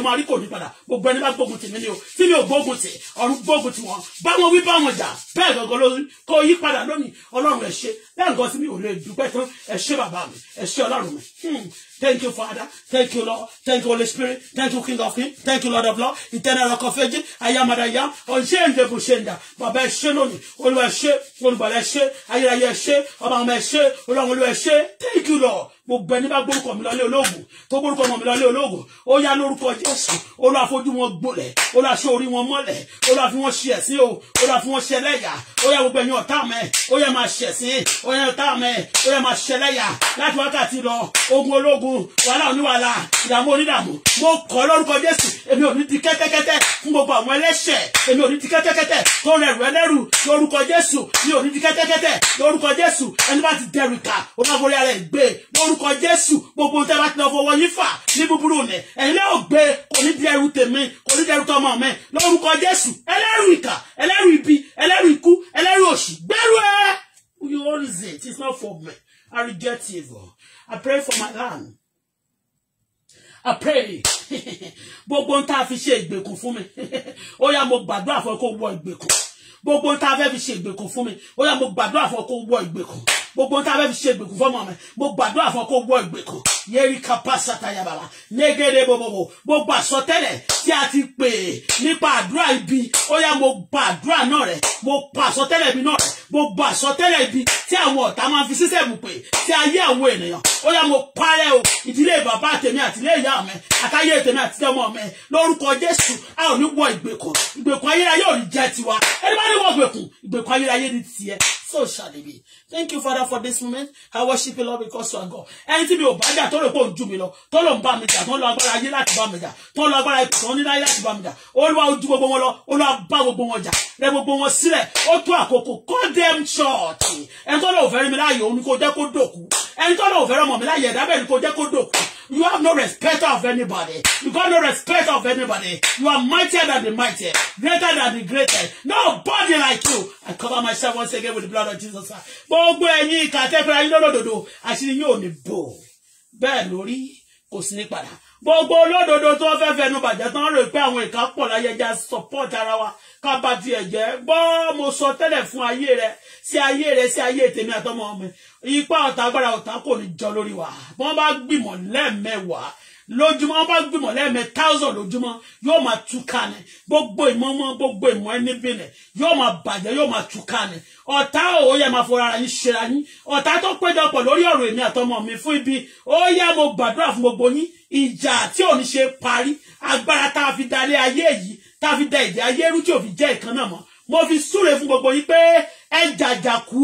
o máa ní padà gbogbo ẹni bá gbógun tì mí ni o tí mi ò gbógun tì ọ̀run gbógun tì wọ́n báwọn wí báwọn jà bẹ́ẹ̀ gangan ló kó yí padà lónìí ọlọ́run ẹ ṣé bẹ́ẹ̀ nǹkan tí mi ò lè dúpẹ́ tán ẹ ṣé bàbá mi ẹ ṣé ọlọ́run mi. Hmm. Thank you, Father. Thank you, Lord. Thank you, Holy Spirit. Thank you, King of Kings. Thank you, Lord of Lords. Eternal Rock of Ages. I am that I am. Unchangeable Shenda. Bàbá ẹ ṣé lónìí. Olúwa ẹ ṣé. Olùgbàlà ẹ ṣé. Ayérayé ẹ ṣé. ọmọ Thank you, Lord gbogbo ẹni bá gbórúkọ mi lọlé olóògùn tó gbórúkọ ọmọ mi lọlé olóògùn ó yá lórúkọ jésù olúwa fojú wọn gbolẹ̀ olúwa ṣe orí wọn mọ́lẹ̀ olúwa fi wọn ṣe ẹ̀sín o olúwa fi wọn ṣe ẹlẹ́yà ó yá gbogbo ẹ̀yin ọ̀tá mẹ́ ó yá máa ṣe ẹ̀sín ó yá ọ̀tá mẹ́ ó yá máa ṣe ẹlẹ́yà láti wákàtí lọ ogun ológun wàhálà oníwàhálà ìdààmú onídààmú mo kọ́ lórúkọ jésù èmi ò ní di kẹ́tẹ́kẹ́tẹ́ fún gbogbo àwọn ẹlẹ́ṣẹ̀ èmi ò ní di kẹ́tẹ́kẹ́tẹ́ tó rẹrù ẹlẹ́rù lórúkọ jésù mi ò ní di kẹ́tẹ́kẹ́tẹ́ lórúkọ jésù ẹni bá ti dẹrù ìkà ó má borí ara ẹ̀ gbé lórúkọ lórúkọ jésù gbogbo tẹ́ bá ti lọ fọwọ́ yín fà ní búburú nẹ ẹ̀yin náà kò ní di ẹrù tèmi kò ní di ẹrù tọmọ mẹ lórúkọ jésù ẹlẹ́rù ìkà ẹlẹ́rù ibi ẹlẹ́rù ikú ẹlẹ́rù òṣì gbẹ́rù ẹ you own it it's not for me I reject evil I pray for my land I pray <laughs> gbogbo ń tá a fi ṣe ìgbèkùn fún mi <laughs> ó yá mo gbàdúrà fún ẹ kó wọ ìgbèkùn gbogbo ń tá a fẹ́ fi ṣe ìgbèkùn fún mi ó yá mo gbàdúrà fún ẹ kó wọ ìgbèkùn gbogbo tá a fẹ́ fi ṣe ìgbèkùn fọ́mọ mi mo gbàdúrà fún ọ kó wọ ìgbèkùn yẹrí kápá sátayà bàbá négédé bòbòbò gbogbo àsọtẹ́lẹ̀ tí a ti pè é nípa àdúrà ibi ó yá mo gba àdúrà náà rẹ mo pa àsọtẹ́lẹ̀ ibi náà rẹ gbogbo àsọtẹ́lẹ̀ ibi tí àwọn ọ̀tá máa fi sísẹ̀mù pè tí ayé àwọn ènìyàn ó yá mo parẹ́ o ìdílé bàbá tèmi àtìlé ìyá mi àtàyè tèmi àti ọmọ mi lórúkọ Jésù a ò ní wọ ìgbèkùn ìgbèkùn ayérayé ò ní jẹ tiwa ẹni bá ní wọ ìgbèkùn ìgbèkùn ayérayé ní tiẹ̀ so shall it be thank you father for this moment i worship you lord because you are god ẹni tí mi ò bá jà tó rò pé òun jù mí lọ tó lọ ń bá mi jà tó ń lo agbára ayé láti bá mi jà tó ń lo agbára ipò tó ń ní láyé láti bá mi jà olúwa ojú gbogbo wọn lọ olúwa bá gbogbo wọn church ẹni tó lọ òfin mi láàyè òun ni kò jẹ́ ẹni tọ́lọ̀ ò fẹ́ràn mọ̀ mi láyé ẹ̀dá bẹ́ẹ̀ ni kò jẹ́ kó dò you have no respect of anybody you got no respect of anybody you are mightier than the mighty greater than the greater nobody like you I cover myself once again with the blood of Jesus gbogbo ẹ̀yin ìkàtẹ́fẹ́ ayé lọ́dọ̀dọ̀dọ̀ àṣírí yóò ní bò bẹ́ẹ̀ lórí kò sí ní padà gbogbo olódodo tó fẹ́ fẹnu bàjẹ́ tán rò pé àwọn ìka pọ̀ láyé já support ara wa ká bá tiẹ̀ jẹ́ gbọ́ mo sọ tẹ́lẹ̀ fún ayé rẹ sí ayé rẹ sí ayé tèmi àtọmọ mi ipá ọ̀tá agbára ọ̀tá kò ní jọ lórí wa bí wọ́n bá gbìmọ̀ lẹ́ẹ̀mẹ́wàá lójúmọ́ wọ́n bá gbìmọ̀ lẹ́ẹ̀mẹ́ thousand lójúmọ́ yóò máa túká ni gbogbo ìmọ̀ mọ́ gbogbo ìmọ̀ ẹni bìnẹ̀ yóò máa bàjẹ́ yóò máa túká ni ọ̀tá ó yẹ máa fọra yín ṣera yín ọ̀tá tó péjọpọ̀ lórí ọ̀rọ̀ èmi àtọmọ mi fún ibi ó yẹ mo gbàdúrà fún gbogbo yín ìjà tí ò ní ṣe parí agbára tá a fi dalẹ̀ ayé yìí tá a fi da ìdí ayé rú fi jẹ́ ìkan náà mọ́ mo fi súre fún gbogbo yín pé ẹ jàjàkú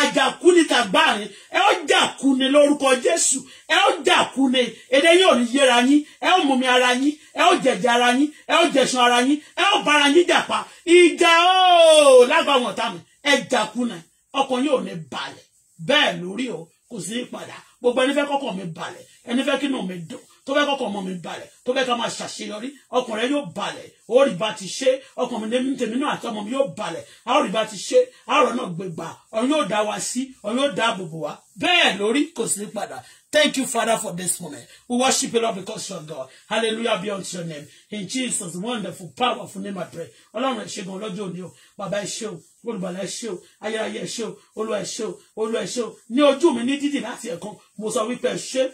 àjàkú ni tàgbáàrin ẹ ó jàkú ni lórúkọ Jésù ẹ ó jàkú ni èdè yóò ní yéra yín ẹ ó mumi ara yín ẹ ó jẹ̀jẹ̀ ara yín ẹ ó jẹ̀sùn ara yín ẹ ó bára yín jàpá ìjà ooo lágbàwọn ọ̀tá mi ẹ jàkú náà ọkàn yóò ní balẹ̀ bẹ́ẹ̀ lórí o kò sí ìpadà gbogbo ẹni fẹ́ kọ́kàn mi balẹ̀ ẹni fẹ́ kínú mi dùn tó fẹ́ kọ́kọ́ ọmọ mi balẹ̀ tó fẹ́ ká máa ṣàṣeyọrí ọkàn rẹ yóò balẹ̀ orí ba ti ṣe ọkàn mi ní tèmi náà àti ọmọ mi yóò balẹ̀ àórí ba ti ṣe àárọ̀ náà gbégbà ọ̀run yóò dá wa sí ọ̀run yóò dáàbò bò wá bẹ́ẹ̀ lórí kò sí padà thank you father for this moment we worship you lord because you are god hallelujah be unto your name in jesus wonderful powerful name i pray ọlọ́run ẹ̀ ṣe gan lọ́jọ́ òní o bàbá ẹ̀ ṣe o olùbàlà ẹ̀ ṣe o ayérayé ẹ̀ ṣe o olúwa ẹ̀ ṣe o olúwa ẹ̀ ṣe o ní ojú mi ní dídì láti ẹ̀kan mo sọ wípé ẹ̀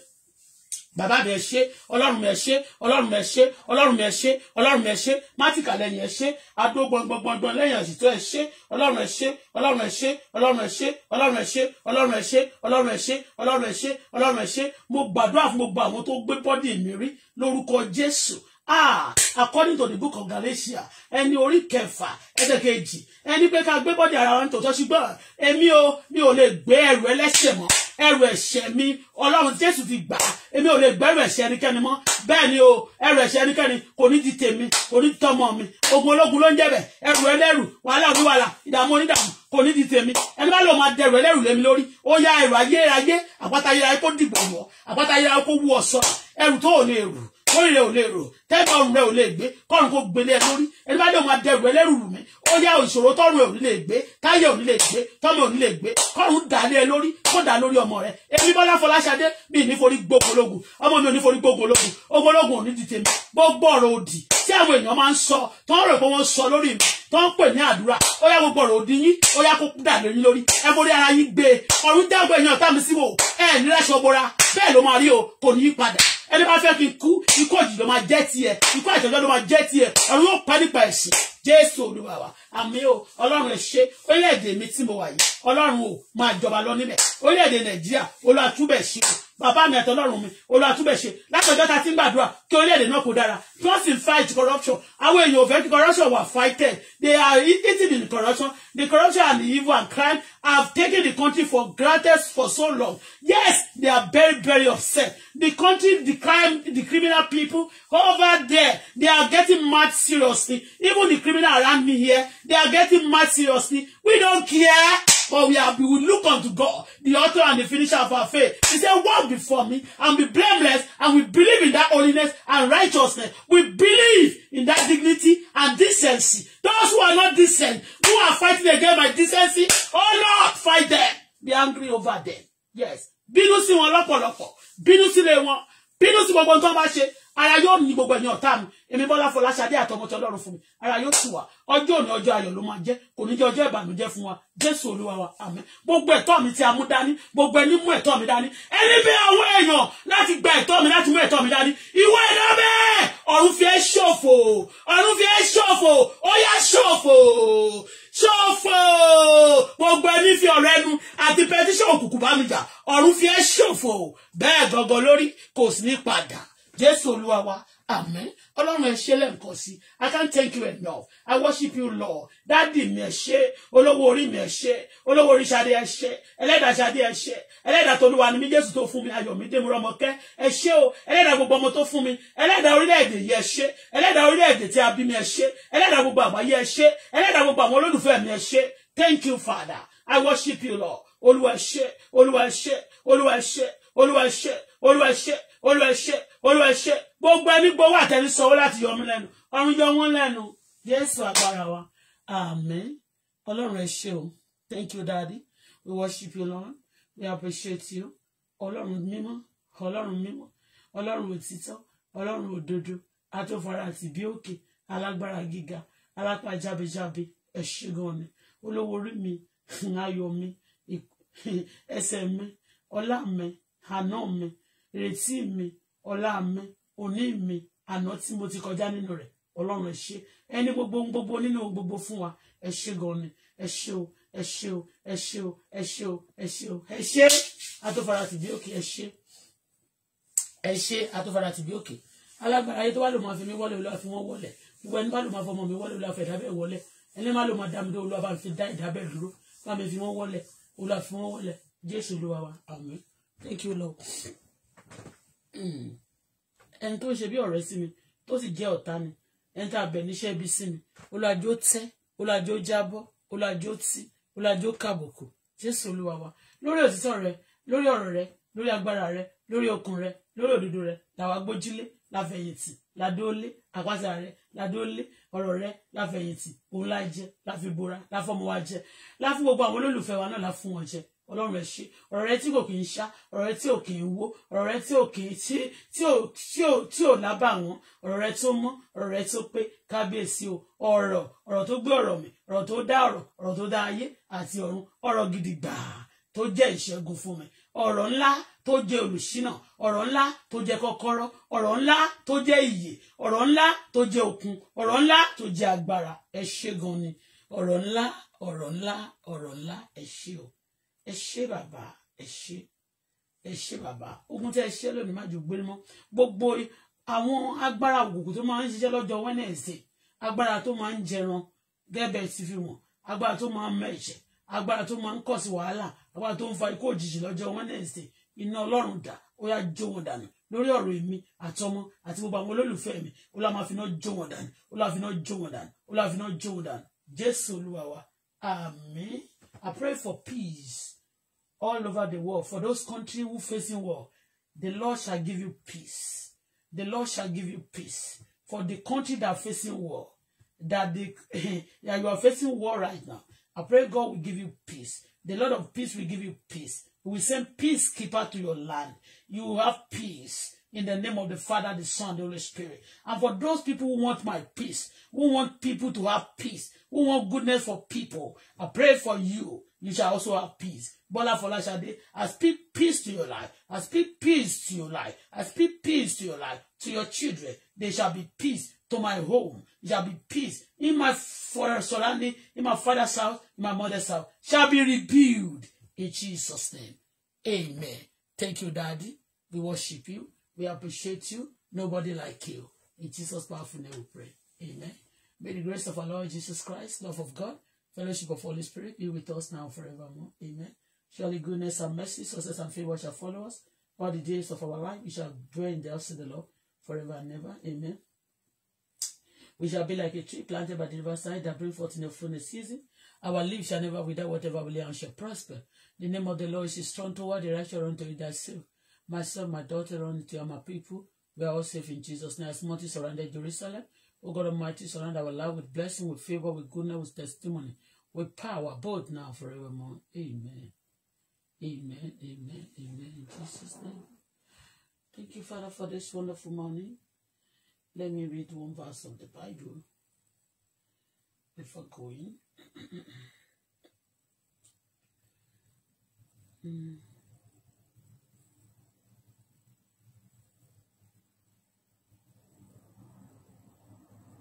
bàbá mi ẹ ṣé ọlọ́run mi ẹ ṣé ọlọ́run mi ẹ ṣé ọlọ́run mi ẹ ṣé ọlọ́run mi ẹ ṣé mátìkà lẹ́yìn ẹ ṣé adó gbọngbọngbọngbọn lẹ́yìn ẹ ṣé ọlọ́run ẹ ṣé ọlọ́run ẹ ṣé ọlọ́run ẹ ṣé ọlọ́run ẹ ṣé ọlọ́run ẹ ṣé ọlọ́run ẹ ṣé ọlọ́run ẹ ṣé ọlọ́run ẹ ṣé mo gbàdúrà fún gbogbo àwọn tó gbé bọ́dì mi rí lórúkọ jésù ah according to the book of Galatia, ẹni orí kẹfà ẹsẹ̀ kejì ẹni pé ká gbé bọ́dì ara wa ní tòótọ́ ṣùgbọ́n èmi o mi ò lè gbé ẹrù ẹlẹ́ṣẹ̀ mọ́ ẹrù ẹ̀ṣẹ̀ mi ọlọ́run jésù ti gbà èmi ò lè gbẹ́rù ẹ̀ṣẹ̀ ẹnikẹ́ni mọ́ bẹ́ẹ̀ ni o ẹrù ẹ̀ṣẹ̀ ẹnikẹ́ni kò ní ti tèmi kò ní ti tọmọ mi ogun ológun ló ń jẹ́ bẹ̀ ẹrù ẹlẹ́rù wàhálà oníwàhálà ìdààmú onídààmú kò ní ti tèmi ẹni bá lò máa dẹrù ẹlẹ́rù lémi lórí ó yá ẹrù ayérayé àpáta ayérayé kó dìgbà wọ̀ àpáta ayérayé kó wú ọ̀sọ́ orí rẹ ò lè rò tẹ́gbà ọrùn rẹ ò lè gbé kọ́run kò gbélé ẹ lórí ẹni bá dẹ̀ máa dẹrù ẹlẹ́rù rù mí ó yá ìṣòro tọ́run ò ní lè gbé táyé ò ní lè gbé tọ́mọ ò ní lè gbé kọ́run dà lé ẹ lórí kó dà lórí ọmọ rẹ èmi Bọ́lá Fọláṣadé mi ì ní forí gbogbológun ọmọ mi ò ní forí gbogbológun ogológun ò ní di tèmi gbogbo ọ̀rọ̀ òdì tí àwọn èèyàn máa ń sọ tó ń rò pé wọ́n sọ lórí mi tó ń pè ní àdúrà ó yá gbogbo ọ̀rọ̀ òdì yín ó yá kó dà lórí lórí ẹ forí ara yín gbé ọ̀run dẹ́gbẹ̀ẹ́ èèyàn tá mi sí ní rẹ́ṣọ bora bẹ́ẹ̀ ló máa rí o kò ní í padà ẹni bá fẹ́ kí n kú ikú òjijì ló máa jẹ́ tiẹ̀ ikú àjọjọ́ ló máa jẹ́ tiẹ̀ ọ̀run ó pa nípa ẹ̀sìn jésù olúwa wa àmì o ọlọ́run ẹ̀ ṣe orílẹ̀-èdè mi tí mo wà yìí ọlọ́run ò máa jọba lọ níbẹ̀ orílẹ̀-èdè nàìjíríà olúwa ṣe Baba, mi àtọlọ́run mi olùwàtúbẹ̀ṣe látọjọ́ ta ti ń gbàdúrà kí orílẹ̀-èdè náà kò dára tí wọ́n sì fight corruption àwọn èèyàn ò fẹ́ kí corruption wà fighted they are eating in corruption the corruption and the evil and crime have taken the country for granted for so long yes they are very very upset the country the crime the criminal people over there they are getting mad seriously even the criminal around me here they are getting mad seriously we don't care. But we have we will look unto God, the author and the finisher of our faith. He said, Walk before me and be blameless, and we believe in that holiness and righteousness. We believe in that dignity and decency. Those who are not decent, who are fighting against my decency, oh Lord, fight them. Be angry over them. Yes. binusi sí wọn lọ́pọ̀lọpọ̀. Bínú sílé wọn. Bínú sí gbogbo nǹkan bá ara yóò ní gbogbo ẹ̀yin ọ̀tá mi èmi Bọ́lá Fọláṣadé àtọmọ tí Ọlọ́run fún mi ara yóò tù wá ọjọ́ òní ọjọ́ ayọ̀ ló máa jẹ́ kò ní jẹ́ ọjọ́ ìbànújẹ́ fún wa Jésù Olúwa wa àmín gbogbo ẹ̀tọ́ mi tí a mú dání gbogbo ẹni mú ẹ̀tọ́ mi dání ẹni bí àwọn èèyàn láti gba ẹ̀tọ́ mi láti mú ẹ̀tọ́ mi dání ìwọ ẹ̀dá bẹ́ẹ̀ ọ̀run fi ẹ́ ṣòfò ọ̀run fi ẹ́ ṣòfò ó yá ṣòfò ṣòfò gbogbo ẹni fi ọ̀rọ̀ ẹnu àti pẹtíṣọ̀ òkùnkùn bá mi jà ọ̀run fi ẹ́ ṣòfò bẹ́ẹ̀ gọ́gọ́ lórí kò sí ní padà jésù olúwa wa àmín ọlọ́run ẹ ṣé lẹ́ǹkan sí i can't thank you enough i worship you lord dáàdì mi ẹ ṣé olówó orí mi ẹ ṣé olówó orí ṣadé ẹ ṣé ẹlẹ́dàá ṣadé ẹ ṣé ẹlẹ́dàá tolúwa ni mi jésù tó fún mi ayọ̀ mi dé mi rọmọkẹ́ ẹ ṣé o ẹlẹ́dàá gbogbo ọmọ tó fún mi ẹlẹ́dàá orílẹ̀-èdè yìí ẹ ṣé ẹlẹ́dàá orílẹ̀-èdè tí a bí mi ẹ ṣé ẹlẹ́dàá gbogbo àgbáyé ẹ ṣé ẹlẹ́dàá gbogbo àwọn olólùfẹ́ mi ẹ ṣé thank you father i worship you lord olúwa ẹ ṣé olúwa ẹ ṣé olúwa ẹ ṣé olúwa ẹ ṣé olúwa ẹ ṣé olúwa ẹ ṣé olúwa ṣe gbogbo ẹni gbowó àtẹni sanwó láti yọ mí lẹ́nu ọrùn yọ wọn lẹ́nu jésù agbára wa àmín ọlọ́run ẹ ṣé o thank you daddy we worship you lord we appreciate you ọlọ́run mímọ́ ọlọ́run mímọ́ ọlọ́run òtítọ́ ọlọ́run òdodo atófara àti bí òkè alágbára gíga alápá jábejábe ẹ ṣé gan ni olówó orí mi ayọ̀ mi ẹsẹ̀ mi ọlá mi àná mi ìrètí mi ọlá mi òní mi àná tí mo ti kọjá nínú rẹ̀ ọlọ́run ẹ ṣé ẹni gbogbo ń gbogbo nínú gbogbo fún wa ẹ ṣé gan ni ẹ ṣé o ẹ ṣé o ẹ ṣé o ẹ ṣé o ẹ ṣé o ẹ ṣé atófara tìbí òkè ẹ ṣé ẹ ṣé atófara tìbí òkè alágbára ayé tó wà ló máa fi mí wọlé olúwa fi wọn wọlé gbogbo ẹni bá ló máa fọmọ mi wọlé olúwa fi ẹ̀dá bẹ́ẹ̀ wọlé ẹni má ló máa dá mi dé olúwa bá mi fi dá ẹ̀dá bẹ́ẹ̀ dúró bá mi fi wọn wọlé olúwa fi wọn wọlé jésù olúwa wa àmín thank you lord. <clears throat> ẹni tó ń ṣe bí ọ̀rẹ́ sí mi tó sì jẹ́ ọ̀tá mi ẹni tá a níṣẹ́ bí sí mi ọlájó tẹ́ ọlájó jábọ́ ọlájó tí ọlájó kàbùkù jésù olúwa wa lórí òtítọ́ rẹ lórí ọ̀rọ̀ rẹ lórí agbára rẹ lórí okun rẹ lórí òdodo rẹ làwa gbójúlé láfẹ̀yìntì ládóólé àpáta rẹ ládóólé ọ̀rọ̀ rẹ láfẹ̀yìntì òun lájẹ láfi bora láfọmọ wa jẹ láfún gbogbo àwọn olólùfẹ́ wa náà láfún wọn jẹ ọlọ́run ẹ ṣé ọ̀rọ̀ rẹ tí kò kì í ṣá ọ̀rọ̀ rẹ tí ò kì í wó ọ̀rọ̀ rẹ tí ò kì í tí tí ò tí ò tí ò lábàwọ́n ọ̀rọ̀ rẹ tó mọ́ ọ̀rọ̀ rẹ tó pé kábíyèsí o ọ̀rọ̀ ọ̀rọ̀ tó gbé ọ̀rọ̀ mi ọ̀rọ̀ tó dá ọ̀rọ̀ ọ̀rọ̀ tó dá ayé àti ọ̀run ọ̀rọ̀ gidi gbàá tó jẹ́ ìṣẹ́gun fún mi ọ̀rọ̀ ńlá tó jẹ́ olùṣínà ọ̀rọ̀ ńlá tó jẹ́ kọ́kọ́rọ́ ọ̀rọ̀ ńlá tó jẹ́ ìyè ọ̀rọ̀ ńlá tó jẹ́ okun ọ̀rọ̀ ńlá tó jẹ́ agbára ẹ ṣé gan ni ọ̀rọ̀ ńlá ọ̀rọ̀ ńlá ọ̀rọ̀ ńlá ẹ ṣé o ẹ ṣé bàbá ẹ ṣé ẹ ṣé bàbá ogun tí ẹ ṣe lónìí má ju gbé mọ́ gbogbo àwọn agbára òkùnkùn tó máa ń ṣiṣẹ́ lọ́jọ́ Wednesday agbára tó máa ń jẹran gẹ́gẹ́ ti fi wọ̀n agbára tó máa ń mọ ẹ̀ṣẹ̀ agbára tó máa ń kọ̀ sí wàhálà agbára tó ń fa ikú òjijì lọ́jọ́ Wednesday iná Ọlọ́run dà ó yá jó wọn dànù lórí ọ̀rọ̀ èmi àtọmọ àti gbogbo àwọn olólùfẹ́ mi ó lá máa fi iná jó wọn dànù ó lá fi iná jó wọn dànù ó lá fi iná jó wọn dànù Jésù Olúwa wa àmín. I pray for peace all over the world. For those countries who facing war, the Lord shall give you peace. The Lord shall give you peace. For the country that facing war, that, the, <laughs> that you are facing war right now, I pray God will give you peace. The Lord of peace will give you peace. We will send peacekeeper to your land. You will have peace. In the name of the Father, the Son, the Holy Spirit. And for those people who want my peace, who want people to have peace, who want goodness for people, I pray for you. You shall also have peace. Bola Folashade, I speak peace to your life. I speak peace to your life. I speak peace to your life, to your children. There shall be peace to my home. There shall be peace in my father's surrounding, in my father's house, in my mother's house. Shall be rebuilt in Jesus' name. Amen. Thank you, Daddy. We worship you. We appreciate you. Nobody like you. In Jesus' powerful name we pray. Amen. May the grace of our Lord Jesus Christ, love of God, fellowship of Holy Spirit be with us now forevermore. Amen. Surely goodness and mercy, success and favor shall follow us all the days of our life. We shall dwell in the house of the Lord forever and ever. Amen. We shall be like a tree planted by the riverside that bring forth in the fullness season. Our leaves shall never wither, whatever we lay and shall prosper. The name of the Lord is strong toward the righteous unto it that save. Myself, my daughter, and to my people. We are all safe in Jesus' name. As much surrounded Jerusalem, O God Almighty, surround our life with blessing, with favor, with goodness, with testimony, with power, both now and forevermore. Amen. Amen. Amen. Amen. In Jesus' name. Thank you, Father, for this wonderful morning. Let me read one verse of the Bible before going. <clears throat> mm.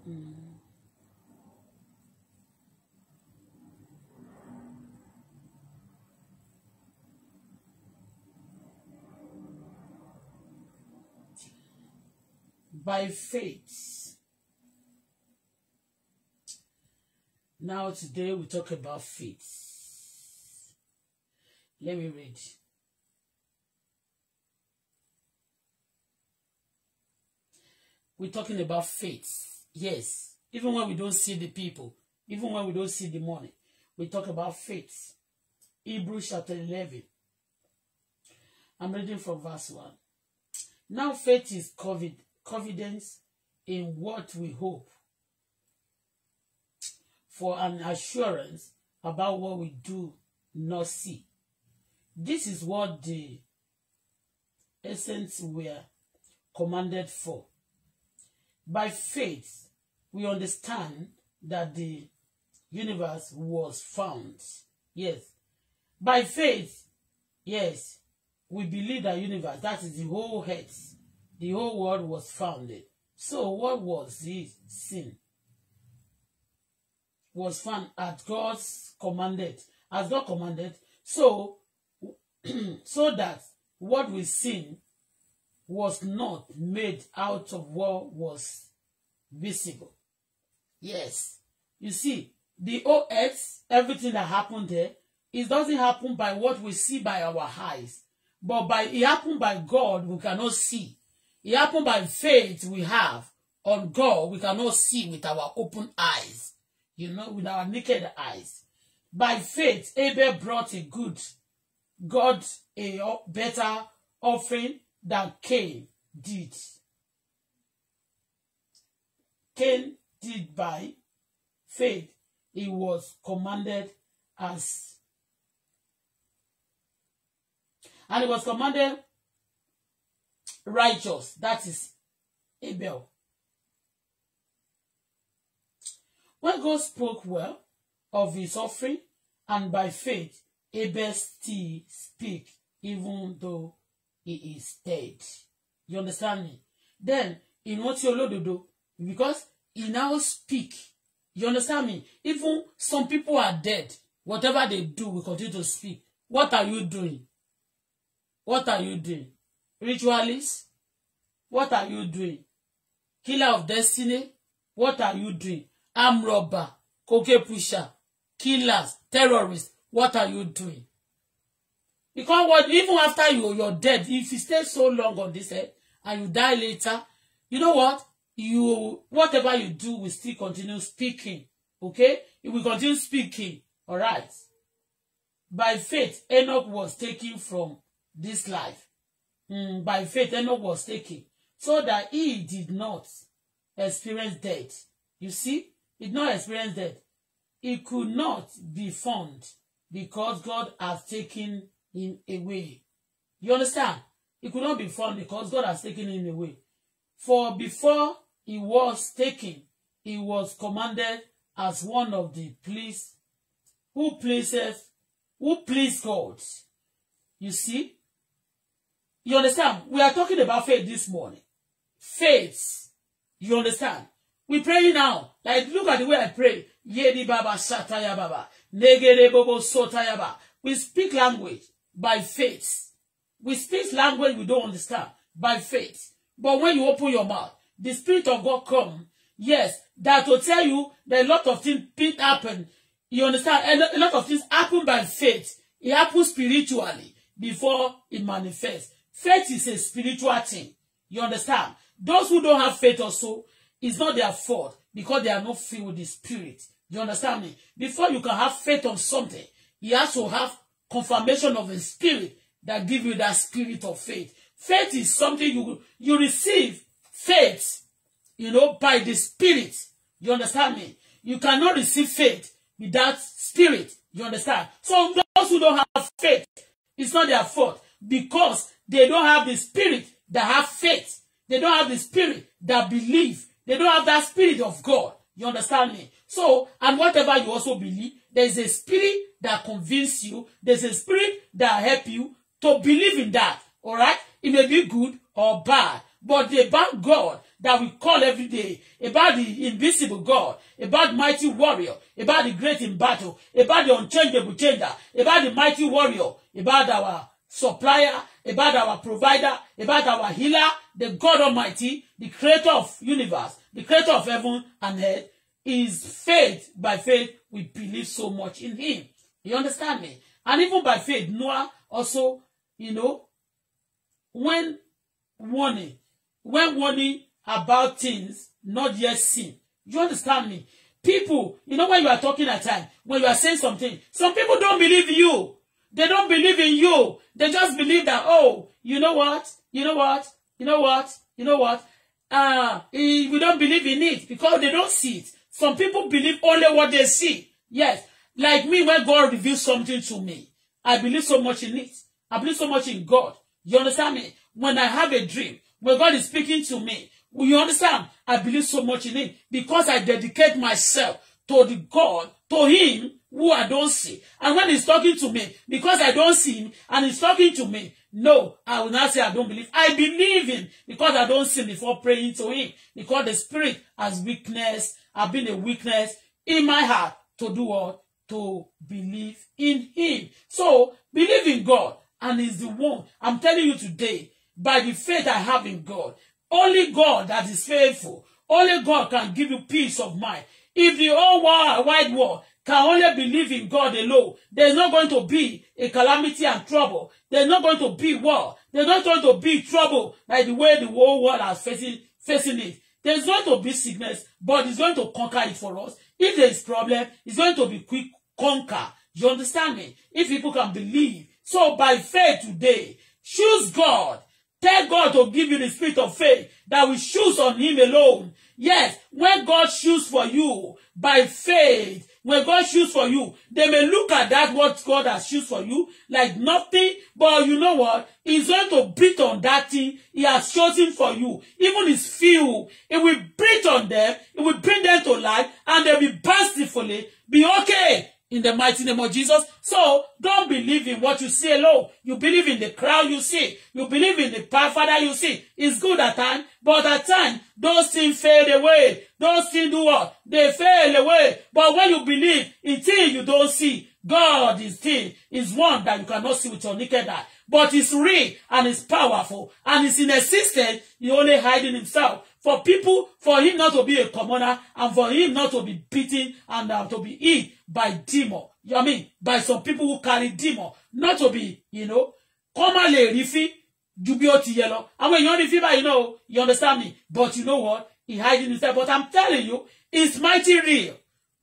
Mm. By faith. Now, today we talk about faith. Let me read. We're talking about faith. Yes, even when we don't see the people, even when we don't see the money, we talk about faith. Hebrews chapter 11. I'm reading from verse 1. Now faith is COVID, confidence in what we hope for an assurance about what we do not see. This is what the essence were commanded for. By faith, we understand that the universe was found. Yes. By faith, yes, we believe that universe, that is the whole head, the whole world was founded. So what was this sin? Was found at God's commanded, as God commanded. So, <clears throat> so that what we sin was not made out of what was visible. Yes. You see, the OX, everything that happened there, it doesn't happen by what we see by our eyes. But by it happened by God, we cannot see. It happened by faith we have on God, we cannot see with our open eyes. You know, with our naked eyes. By faith, Abel brought a good, God a better offering than Cain did. Cain did by faith, he was commanded as. And he was commanded righteous. That is Abel. When God spoke well of his offering, and by faith, Abel still speak, even though he is dead. You understand me? Then, ìrántí olódodo because he now speak you understand me even some people are dead whatever they do we continue to speak what are you doing what are you doing ritualists? what are you doing killer of destiny what are you doing arm robber cocaine pusher killers terrorists what are you doing because what even after you you're dead if you stay so long on this earth and you die later you know what you whatever you do will still continue speaking okay it will continue speaking all right by faith Enoch was taken from this life mm, by faith Enoch was taken so that he did not experience death you see he did not experience death he could not be found because God has taken him away you understand he could not be found because God has taken him away for before he was taken, he was commanded as one of the please who pleases who please God. You see? You understand? We are talking about faith this morning. Faith. You understand? We pray now. Like look at the way I pray. Yedi baba shataya baba. Negere bobo sotaya baba. We speak language by faith. We speak language we don't understand by faith. But when you open your mouth, the Spirit of God come. Yes, that will tell you that a lot of things did happen. You understand? A lot of things happen by faith. It happens spiritually before it manifests. Faith is a spiritual thing. You understand? Those who don't have faith also, it's not their fault because they are not filled with the Spirit. You understand me? Before you can have faith on something, you have to have confirmation of a spirit that give you that spirit of faith. Faith is something you you receive faith, you know, by the spirit. You understand me? You cannot receive faith without spirit. You understand? So those who don't have faith, it's not their fault because they don't have the spirit that have faith. They don't have the spirit that believe. They don't have that spirit of God. You understand me? So, and whatever you also believe, there's a spirit that convince you. There's a spirit that help you to believe in that. All right? It may be good or bad. But they thank God that we call every day about the invisible God, about mighty warrior, about the great in battle, about the unchangeable changer, about the mighty warrior, about our supplier, about our provider, about our healer, the God Almighty, the creator of universe, the creator of heaven and earth. Is faith by faith we believe so much in him. You understand me? And even by faith, Noah also, you know, when warning when warning about things not yet seen you understand me people you know when you are talking at time when you are saying something some people don't believe you they don't believe in you they just believe that oh you know what you know what you know what you know what uh we don't believe in it because they don't see it some people believe only what they see yes like me when God reveals something to me I believe so much in it I believe so much in God you understand me when I have a dream When God is speaking to me, will you understand? I believe so much in Him because I dedicate myself to the God, to Him who I don't see. And when He's talking to me, because I don't see Him and He's talking to me, no, I will not say I don't believe. I believe Him because I don't see before praying to Him because the Spirit has weakness, have been a weakness in my heart to do what? To believe in Him. So, believe in God and He's the one. I'm telling you today, by the faith I have in God. Only God that is faithful. Only God can give you peace of mind. If the whole world, wide world can only believe in God alone, there's not going to be a calamity and trouble. There's not going to be war. There's not going to be trouble by the way the whole world is facing, facing it. There's going to be sickness, but it's going to conquer it for us. If there is problem, it's going to be quick conquer. You understand me? If people can believe. So by faith today, choose God Tell God to give you the spirit of faith that will choose on him alone. Yes, when God choose for you by faith, when God choose for you, they may look at that what God has choose for you like nothing, but you know what? He's going to breathe on that thing He has chosen for you. Even his few, it will breathe on them, it will bring them to life, and they'll be bountifully be okay in the mighty name of Jesus. So don't believe in what you see alone. You believe in the crowd you see. You believe in the power, father you see. It's good at time, but at time those things fade away. Those things do what? They fade away. But when you believe in things you don't see, God is still is one that you cannot see with your naked eye. But it's real and it's powerful and it's in existence. He only hiding himself for people, for him not to be a commoner and for him not to be beaten and uh, to be eat by demon. You know I mean? By some people who carry demon. Not to be, you know, commonly rifi, jubioti yellow. And when you're the fever, you know, you understand me. But you know what? He hiding himself. But I'm telling you, it's mighty real.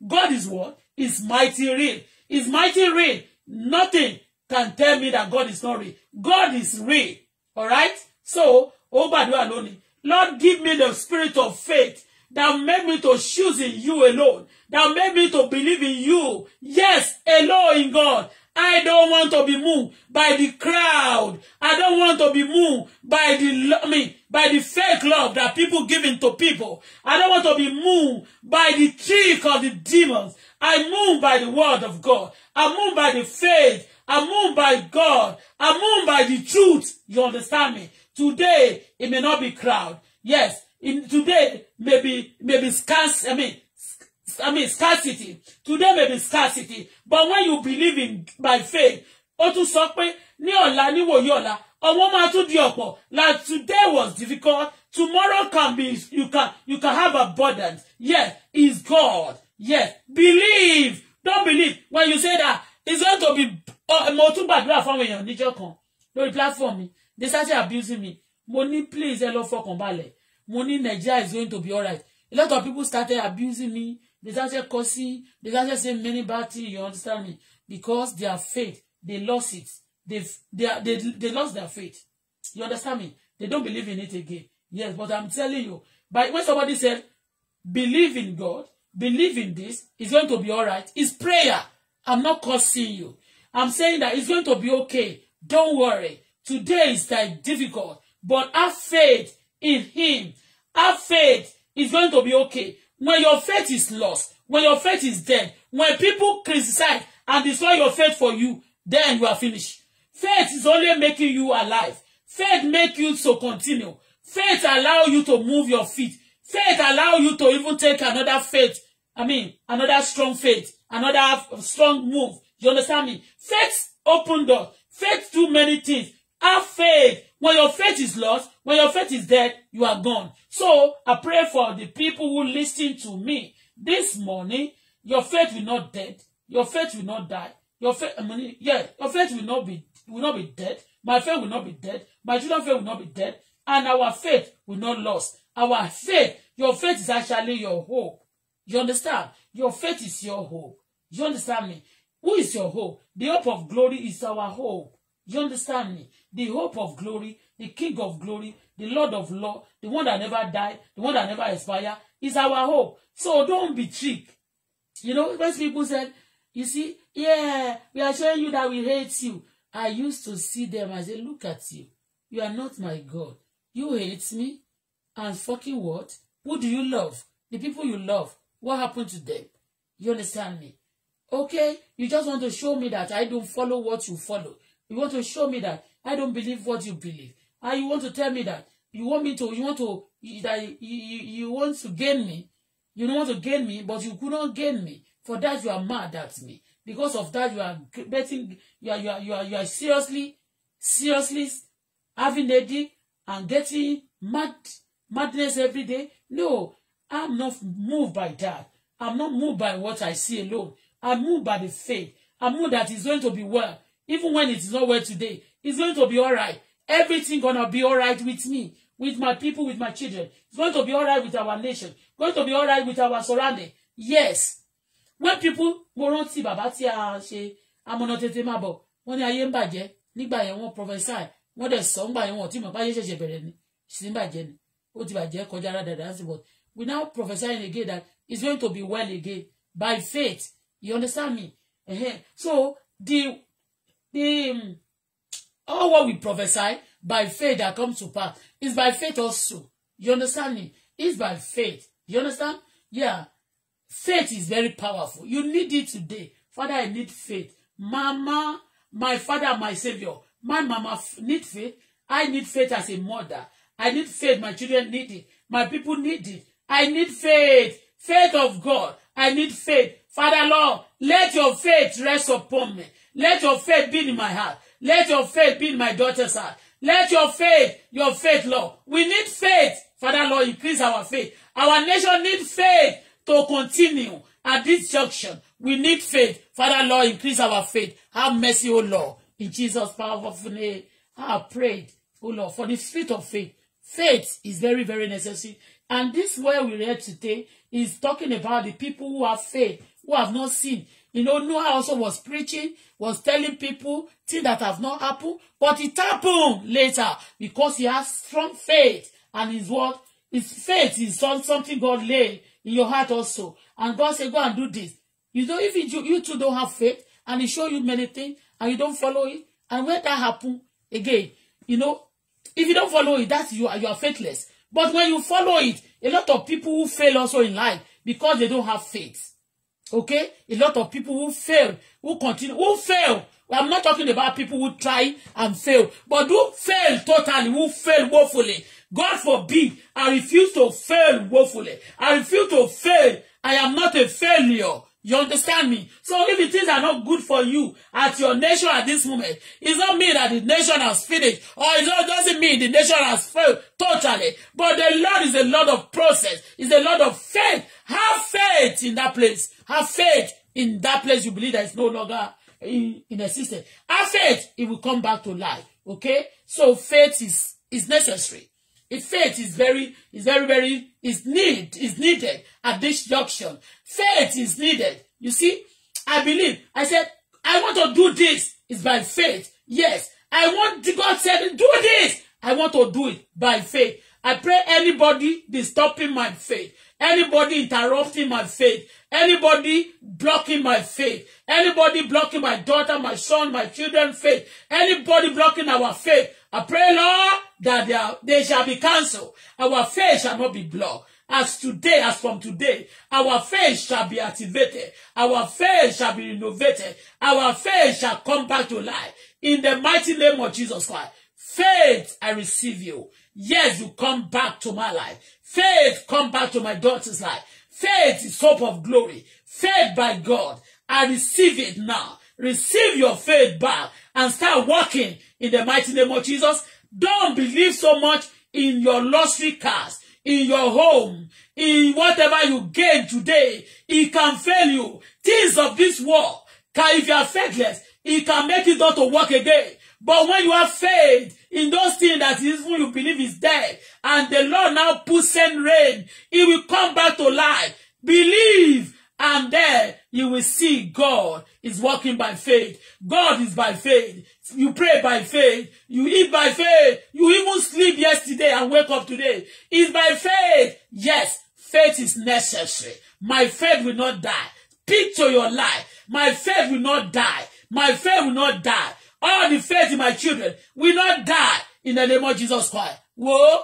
God is what? It's mighty real. It's mighty real. Nothing can tell me that God is not real. God is real. All right? So, ó gbàdúrà lónìí. Lord, give me the spirit of faith that made me to choose in you alone, that made me to believe in you. Yes, alone in God. I don't want to be moved by the crowd. I don't want to be moved by the I mean, by the fake love that people giving to people. I don't want to be moved by the trick of the demons. I move by the word of God. I move by the faith. I move by God. I move by the truth. You understand me? Today, it may not be crowd. Yes, in today maybe maybe scarce. I mean, I mean scarcity. Today may be scarcity, but when you believe in by faith, Otu tún ni pé ní ọ̀la níwòye ọ̀la ọmọ máa tún di Like today was difficult. Tomorrow can be you can you can have abundance. Yes, is God. Yes, believe. Don't believe when you say that it's going to be. Uh, mo tún gbàdúrà fáwọn èèyàn níjọ́ kan lórí platform me they started abusing me mo ní please ẹ lọ fọkàn balẹ̀ mo ní Nigeria is going to be alright a lot of people started abusing me they started cursing they started saying many bad things you understand me because their faith they lost it they they they they lost their faith you understand me they don't believe in it again yes but i'm telling you by when somebody said believe in God believe in this it's going to be alright it's prayer i'm not cursing you i'm saying that it's going to be okay don't worry Today is like difficult, but have faith in him. Have faith. is going to be okay. When your faith is lost, when your faith is dead, when people criticize and destroy your faith for you, then you are finished. Faith is only making you alive. Faith make you to continue. Faith allow you to move your feet. Faith allow you to even take another faith. I mean, another strong faith, another strong move. You understand me? Faith open doors. Faith do many things. Have faith. When your faith is lost, when your faith is dead, you are gone. So I pray for the people who listen to me this morning. Your faith will not dead. Your faith will not die. Your faith, I mean, yeah, your faith will not be will not be dead. My faith will not be dead. My children's faith will not be dead. And our faith will not lost. Our faith, your faith is actually your hope. You understand? Your faith is your hope. You understand me? Who is your hope? The hope of glory is our hope. You understand me? The hope of glory, the King of glory, the Lord of law, the one that never die, the one that never expire, is our hope. So don't be tricked. You know, most people said, you see, yeah, we are showing you that we hate you. I used to see them. as they look at you. You are not my God. You hate me? And fucking what? Who do you love? The people you love. What happened to them? You understand me? Okay, you just want to show me that I don't follow what you follow. You want to show me that I don't believe what you believe. And you want to tell me that you want me to, you want to, that you, you, you want to gain me. You don't want to gain me, but you could not gain me. For that, you are mad at me. Because of that, you are betting, you are, you are, you are, you are seriously, seriously having a dick and getting mad, madness every day. No, I'm not moved by that. I'm not moved by what I see alone. I'm moved by the faith. I'm moved that it's going to be well even when it's not well today it's going to be all right everything gonna be all right with me with my people with my children it's going to be all right with our nation it's going to be all right with our surrounding yes when people mo rántí bàbá tí a she amọ̀nà mabo when bọ̀ wọ́n ní ayé ni bàjẹ́ nígbà yẹn prophesy what dẹ̀ sọ ńgbà yẹn wọ́n tí mo bá yẹ ṣẹ̀ṣẹ̀ bẹ̀rẹ̀ ni sì ń bàjẹ́ ni ó ti bàjẹ́ kọjá rádàdà we now prophesying again that it's going to be well again by faith you understand me uh-huh. so the the all what we prophesy by faith that comes to pass is by faith also. You understand me? It's by faith. You understand? Yeah. Faith is very powerful. You need it today. Father, I need faith. Mama, my father, my savior. My mama need faith. I need faith as a mother. I need faith. My children need it. My people need it. I need faith. Faith of God. I need faith. Father Lord, let your faith rest upon me. Let your faith be in my heart. Let your faith be in my daughter's heart. Let your faith, your faith, Lord. We need faith. Father, Lord, increase our faith. Our nation needs faith to continue. At this junction, we need faith. Father, Lord, increase our faith. Have mercy, O Lord. In Jesus' powerful name, I have prayed, O Lord, for the spirit of faith. Faith is very, very necessary. And this word we read today is talking about the people who have faith, who have not seen. You know, Noah also was preaching, was telling people things that have not happened, but it happened later because he has strong faith and his word, his faith is something God laid in your heart also. And God said, go and do this. You know, if you, you two don't have faith and he show you many things and you don't follow it, and when that happen again, you know, if you don't follow it, that's you are, you are faithless. But when you follow it, a lot of people who fail also in life because they don't have faith. Okay? A lot of people who fail, who continue, who fail. I'm not talking about people who try and fail, but who fail totally, who fail woefully. God forbid, I refuse to fail woefully. I refuse to fail. I am not a failure. You understand me? So if the things are not good for you at your nation at this moment, it's not mean that the nation has finished, or it not, doesn't mean the nation has failed totally. But the Lord is a Lord of process, is a Lord of faith. Have faith in that place. Have faith in that place you believe that is no longer in, in existence. Have faith, it will come back to life. Okay? So faith is is necessary. If faith is very, is very, very, is need, is needed at this junction. Faith is needed. You see, I believe. I said, I want to do this. It's by faith. Yes. I want God said, do this. I want to do it by faith. I pray anybody disturbing my faith, anybody interrupting my faith, anybody blocking my faith, anybody blocking my daughter, my son, my children faith, anybody blocking our faith. I pray, Lord, that they, are, they shall be cancelled. Our faith shall not be blocked. As today, as from today, our faith shall be activated. Our faith shall be renovated. Our faith shall come back to life. In the mighty name of Jesus Christ, faith, I receive you. Yes, you come back to my life. Faith, come back to my daughter's life. Faith is hope of glory. Faith by God. I receive it now. Receive your faith back and start walking in the mighty name of Jesus. Don't believe so much in your luxury cast in your home, in whatever you gain today, it can fail you. Things of this world, can, if you are faithless, it can make it not to work again. But when you have faith in those things that even you believe is dead, and the Lord now puts send rain, it will come back to life. Believe And there you will see God is working by faith. God is by faith. You pray by faith. You eat by faith. You even sleep yesterday and wake up today. is by faith. Yes, faith is necessary. My faith will not die. Picture your life. My faith will not die. My faith will not die. All the faith in my children will not die in the name of Jesus Christ. Whoa.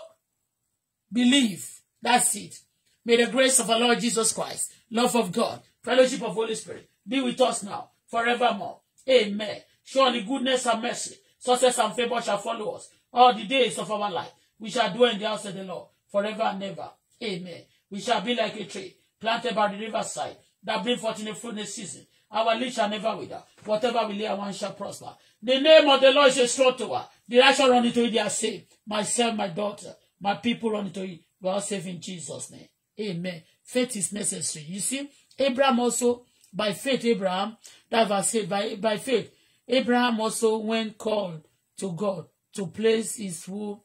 Believe. That's it. May the grace of our Lord Jesus Christ love of God, fellowship of Holy Spirit be with us now forevermore. Amen. Surely goodness and mercy, success and favor shall follow us all the days of our life. We shall dwell in the house of the Lord forever and ever. Amen. We shall be like a tree planted by the riverside that bring forth in the fullness season. Our leaves shall never wither. Whatever we lay our hands shall prosper. The name of the Lord is a strong tower. The righteous run into it, they are saved. Myself, my daughter, my people run into it. We are saved in Jesus' name. Amen. Faith is necessary. You see, Abraham also, by faith, Abraham, that was said, by, by faith, Abraham also, when called to God to place his will,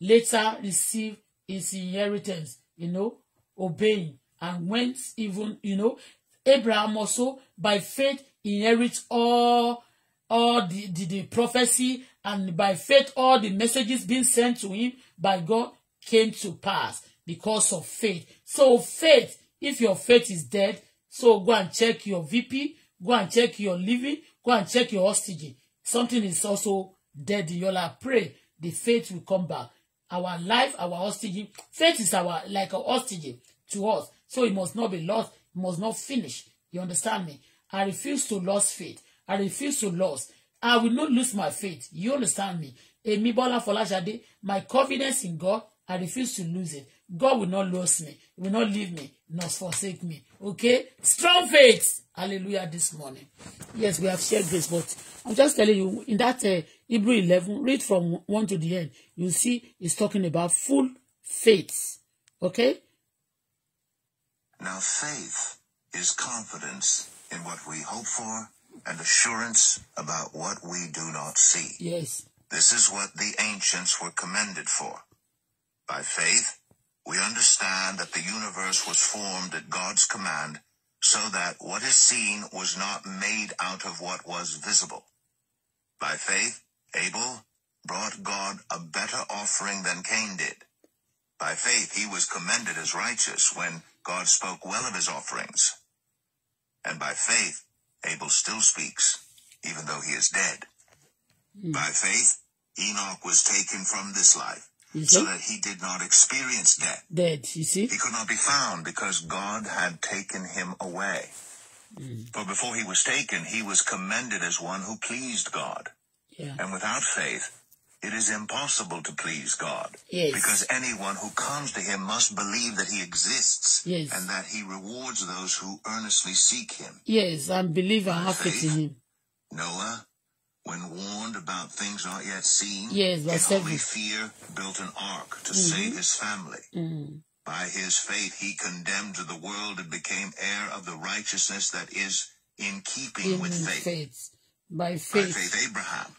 later received his inheritance, you know, obeying, and went even, you know, Abraham also, by faith, inherits all all the, the, the prophecy and by faith all the messages being sent to him by God came to pass because of faith. So faith, if your faith is dead, so go and check your VP, go and check your living, go and check your hostage. Something is also dead in your life. Pray the faith will come back. Our life, our hostage, faith is our like a hostage to us. So it must not be lost. It must not finish. You understand me? I refuse to lose faith. I refuse to lose. I will not lose my faith. You understand me? Emi Bola Folashade, my confidence in God, I refuse to lose it. God will not lose me. He will not leave me, nor forsake me. Okay? Strong faith. Hallelujah this morning. Yes, we have shared this, but I'm just telling you, in that uh, Hebrew 11, read from 1 to the end. You see, it's talking about full faith. Okay? Now faith is confidence in what we hope for and assurance about what we do not see. Yes. This is what the ancients were commended for. By faith, we understand that the universe was formed at God's command, so that what is seen was not made out of what was visible. By faith, Abel brought God a better offering than Cain did. By faith, he was commended as righteous when God spoke well of his offerings. And by faith, Abel still speaks, even though he is dead. Mm. By faith, Enoch was taken from this life you see? So that he did not experience death. Dead, you see? He could not be found because God had taken him away. Mm. For before he was taken, he was commended as one who pleased God. Yeah. And without faith, it is impossible to please God. Yes. Because anyone who comes to him must believe that he exists yes. and that he rewards those who earnestly seek him. Yes, and believe and have faith in him. Noah, when warned about things not yet seen, yes, verse in holy fear built an ark to mm -hmm. save his family. Mm -hmm. By his faith he condemned the world and became heir of the righteousness that is in keeping in with faith. faith. By faith. By faith, Abraham,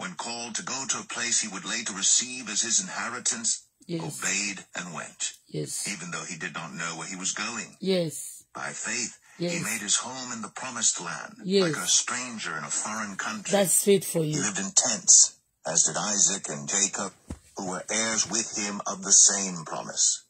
when called to go to a place he would later receive as his inheritance, yes. obeyed and went. Yes. Even though he did not know where he was going. Yes. By faith, Yes. He made his home in the promised land, yes. like a stranger in a foreign country. That's sweet for you. He lived in tents, as did Isaac and Jacob, who were heirs with him of the same promise.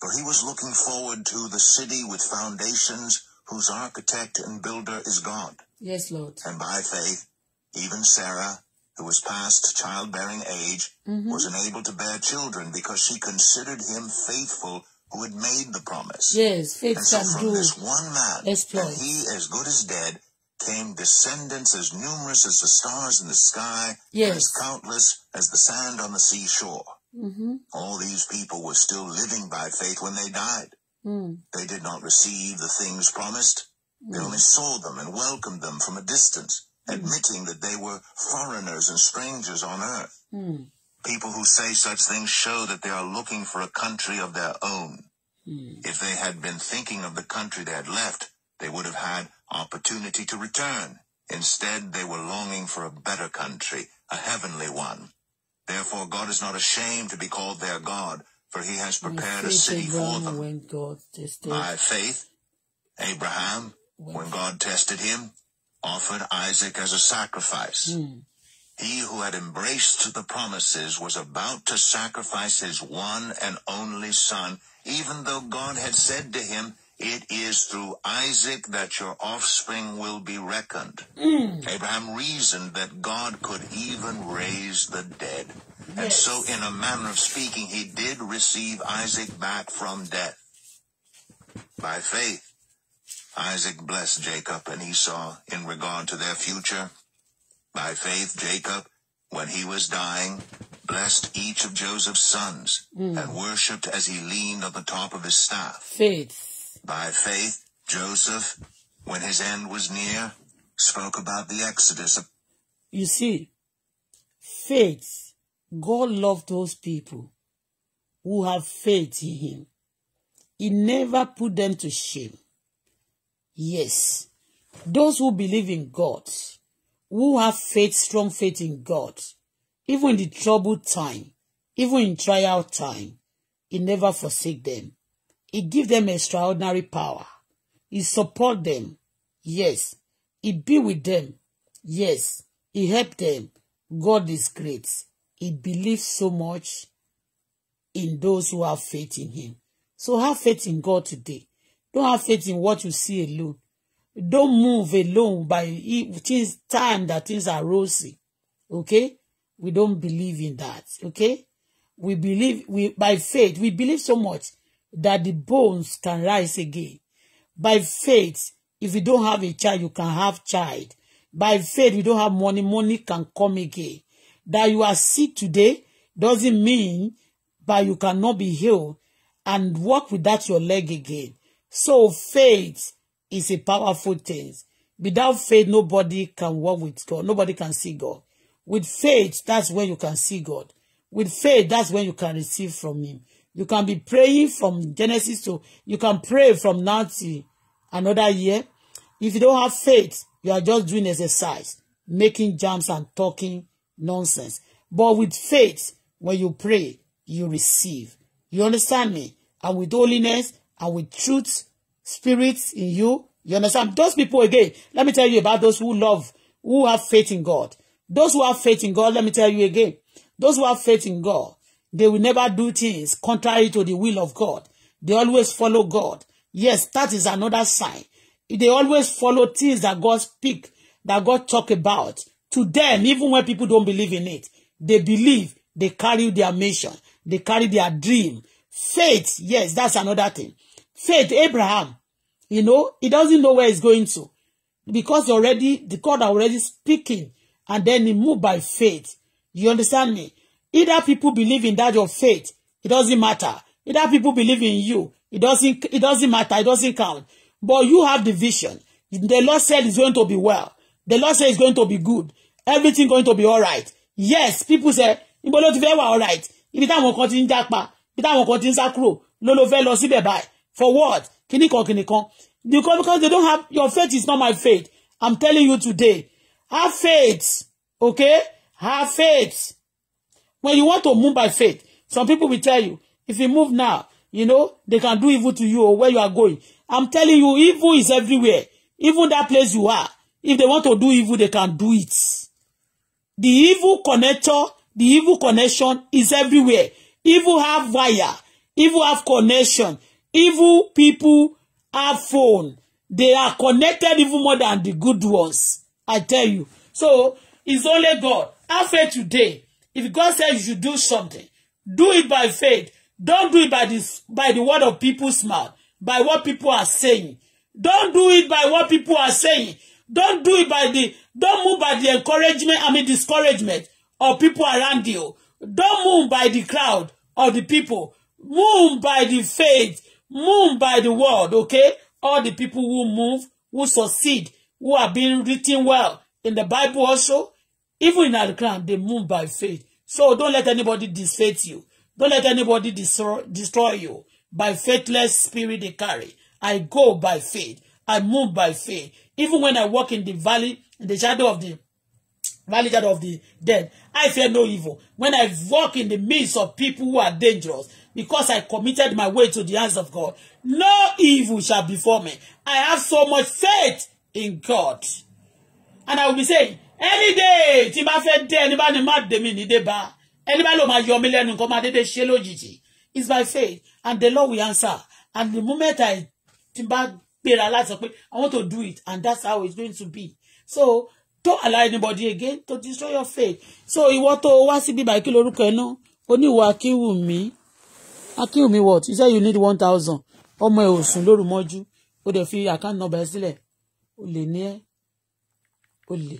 For he was looking forward to the city with foundations whose architect and builder is God. Yes, Lord. And by faith, even Sarah, who was past childbearing age, mm -hmm. was enabled to bear children because she considered him faithful who had made the promise. Yes, faith and so from do this one man, and he as good as dead, came descendants as numerous as the stars in the sky, yes. as countless as the sand on the seashore. Mm-hmm. All these people were still living by faith when they died. Mm. They did not receive the things promised. Mm. They only saw them and welcomed them from a distance, mm. admitting that they were foreigners and strangers on earth. Mm. People who say such things show that they are looking for a country of their own. Mm. If they had been thinking of the country they had left, they would have had opportunity to return. Instead, they were longing for a better country, a heavenly one. Therefore, God is not ashamed to be called their God, for he has prepared a city for them. By faith, Abraham, when God tested him, offered Isaac as a sacrifice. Mm. He who had embraced the promises was about to sacrifice his one and only son, even though God had said to him, it is through Isaac that your offspring will be reckoned. Mm. Abraham reasoned that God could even raise the dead. Yes. And so, in a manner of speaking, he did receive Isaac back from death. By faith, Isaac blessed Jacob and Esau in regard to their future by faith Jacob, when he was dying, blessed each of Joseph's sons mm. and worshipped as he leaned on the top of his staff. Faith. By faith Joseph, when his end was near, spoke about the exodus. Of you see, faith, God loved those people who have faith in him. He never put them to shame. Yes, those who believe in God, who have faith, strong faith in God, even in the troubled time, even in trial time, He never forsake them. He give them extraordinary power. He support them. Yes. He be with them. Yes. He help them. God is great. He believes so much in those who have faith in him. So have faith in God today. Don't have faith in what you see alone. don't move alone by e, things time that things are rosy okay we don't believe in that okay we believe we by faith we believe so much that the bones can rise again by faith if you don't have a child you can have child by faith you don't have money money can come again that you are sick today doesn't mean that you cannot be healed and walk without your leg again so faith is a powerful thing. Without faith, nobody can walk with God. Nobody can see God. With faith, that's when you can see God. With faith, that's when you can receive from him. You can be praying from Genesis to, you can pray from now to another year. If you don't have faith, you are just doing exercise, making jumps and talking nonsense. But with faith, when you pray, you receive. You understand me? And with holiness and with truth, spirits in you. You understand? Those people, again, let me tell you about those who love, who have faith in God. Those who have faith in God, let me tell you again, those who have faith in God, they will never do things contrary to the will of God. They always follow God. Yes, that is another sign. They always follow things that God speak, that God talk about. To them, even when people don't believe in it, they believe, they carry their mission, they carry their dream. Faith, yes, that's another thing. Faith, Abraham, You know, he doesn't know where he's going to because already the God already speaking and then he move by faith. You understand me? Either people believe in that your faith, it doesn't matter. Either people believe in you, it doesn't it doesn't matter, it doesn't count. But you have the vision. The Lord said it's going to be well. The Lord said it's going to be good. Everything going to be all right. Yes, people say, níbo ló ti fẹ́ wà all right. Ibi táwọn kan ti ń jápa, continue táwọn kan ti ń sá kúrò, ló For what? Kini kan kini kan because because they don't have your faith is not my faith i'm telling you today have faith okay have faith when you want to move by faith some people will tell you if you move now you know they can do evil to you or where you are going i'm telling you evil is everywhere even that place you are if they want to do evil they can do it the evil connector the evil connection is everywhere evil have wire evil have connection Evil people have phone. They are connected even more than the good ones. I tell you. So it's only God. Have faith today. If God says you should do something, do it by faith. Don't do it by this by the word of people's mouth, by what people are saying. Don't do it by what people are saying. Don't do it by the don't move by the encouragement, I mean discouragement of people around you. Don't move by the crowd of the people. Move by the faith Move by the world, okay? All the people who move, who succeed, who are being written well in the Bible also, even in Al-Quran, they move by faith. So don't let anybody disfaith you. Don't let anybody destroy, destroy you by faithless spirit they carry. I go by faith. I move by faith. Even when I walk in the valley, in the shadow of the valley shadow of the dead, I fear no evil. When I walk in the midst of people who are dangerous, because I committed my way to the hands of God. No evil shall befall me. I have so much faith in God. And I will be saying, any day, tí bá fẹ́ dé, ẹni bá ní má dé mi ní dé bá, ẹni bá ló máa yọ mí lẹ́nu It's by faith and the Lord will answer. And the moment I tí bá gbéra láti I want to do it and that's how it's going to be. So don't allow anybody again to destroy your faith. So ìwọ tó wá síbí báyìí kí lorúkọ ẹ náà, oníwà kí wù mí akínwùmí what he said you need one thousand ọmọ ẹ ò sùn lóru mọ́jú ó dẹ̀ fi account number sílẹ̀ ó lè ní ẹ́ ó lè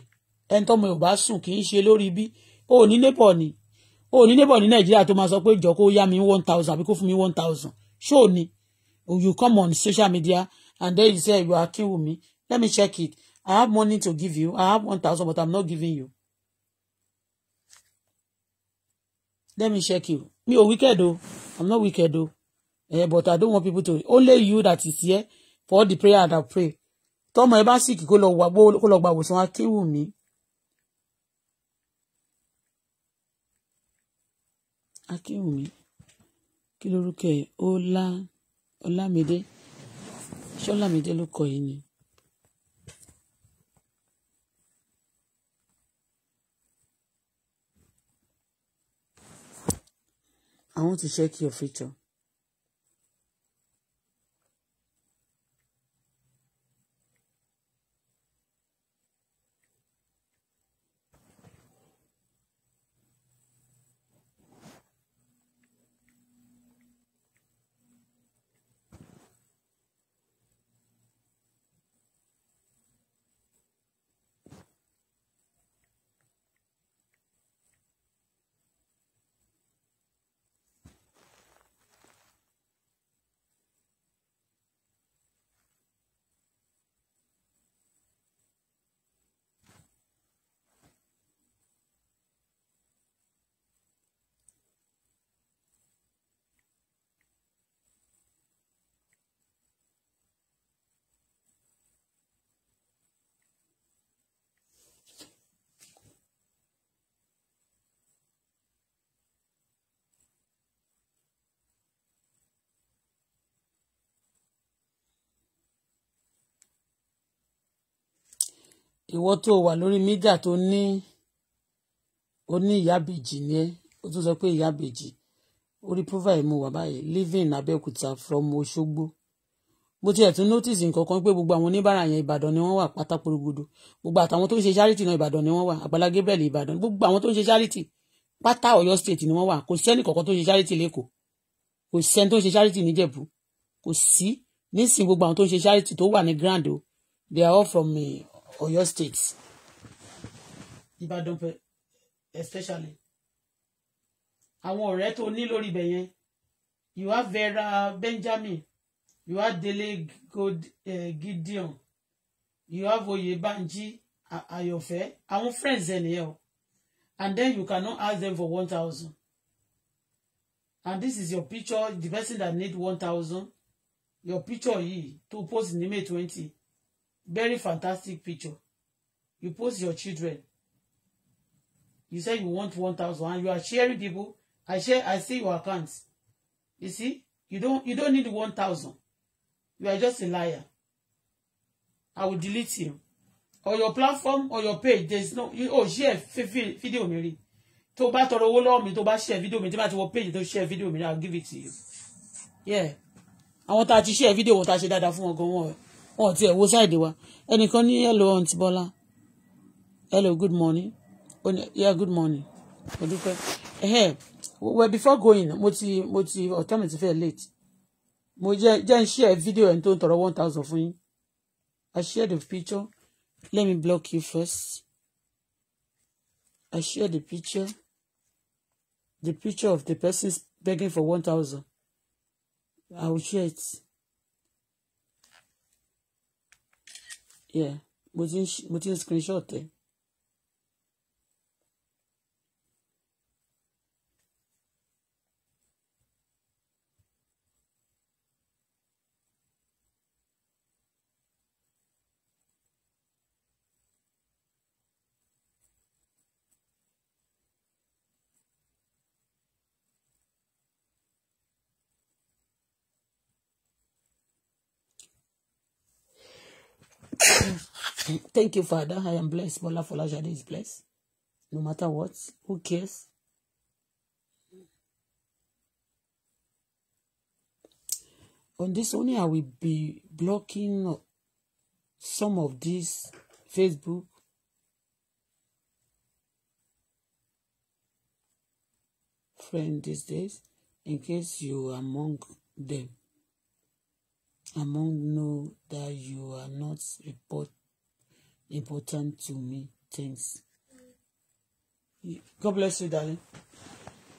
ẹni tọ́mọ ẹ ò bá sùn kì í ṣe lórí bí ó ní nébọ̀ ni ó ní nébọ̀ ní nàìjíríà tó máa sọ pé jọ kó yá mi one thousand àbí kó fún mi one thousand ṣó o ní you come on social media and then you say you are akínwùmí let me check it I have money to give you I have one thousand but I'm not giving you. let me check you mi ò wicked o I'm not wicked though. Eh, but I don't want people to only you that is here for all the prayer that I pray. Tọ́mọ ẹ bá sì kí kó lọ wà kó lọ gba àwòsàn Akéwùmí. Akéwùmí kí lórúkọ ẹ̀ Ọlá Ọlámídé ṣé Ọlámídé ló kọ yìí ni. I want to check your future. ìwọ tó wà lórí mídíà tó ní ó ní ìyábèjì ni ẹ ó tún sọ pé ìyábèjì orí profile mu wà báyìí living abẹ́òkúta from Òṣogbo mo tiẹ̀ tún notice nǹkan kan pé gbogbo àwọn oníbàárà yẹn Ìbàdàn ni wọ́n wà pátáporogodo gbogbo àtàwọn tó ń ṣe charity náà Ìbàdàn ni wọ́n wà Àgbàlá Gabriel Ìbàdàn gbogbo àwọn tó ń ṣe charity pátá Ọ̀yọ́ state ni wọ́n wà kò sẹ́ni kankan tó ń ṣe charity lẹ́kọ̀ọ́ kò sẹ́ni tó ń ṣe charity níjẹ̀bú kò sí nísìnyí gbogbo àwọn tó ń ṣe charity tó wà ní grand o they are all from eh, Oyo State Ìbàdàn especially àwọn ọ̀rẹ́ tó ní lórí ibẹ̀ yẹn you have Vera Benjamin you have Dele God uh, Gideon you have Oyebanji Ayọ̀fẹ́ àwọn friends ẹ̀ nìyẹn o and then you cannot ask them for one thousand and this is your picture the person that need one thousand your picture yìí to post ní May twenty very fantastic picture you post your children you said you want one thousand and you are sharing people i share i see your accounts. you see you don't you don't need one thousand you are just a liar i will delete you or your platform or your page There's no you oh share video, Mary. To tó bá tọrọ owó lọ́wọ́ share video, mi To bá page tó share video, mi i give it to you yeah I want to share video. wọn tá a ṣe dáadáa fún wọn gan wọn wọn ò tiẹ̀ wo sáìdì wa ẹnìkan ní hello aunty Bọ́lá hello good morning ó yeah good morning mo dúpẹ́ ẹ̀hẹ́ well before going mo ti mo ti ọ̀tá mi ti fẹ́ late mo jẹ́ jẹ́ ń share video ẹni tó ń tọrọ one thousand fún yín I share the picture let me block you first I share the picture the picture of the person begging for one thousand I will share it. yeah mo ti ń screenshot ẹ Thank you, Father. I am blessed. Bola Folajade is blessed. No matter what, who cares? On this only, I will be blocking some of these Facebook friend these days in case you are among them among know that you are not report important to me. Thanks. God bless you, darling.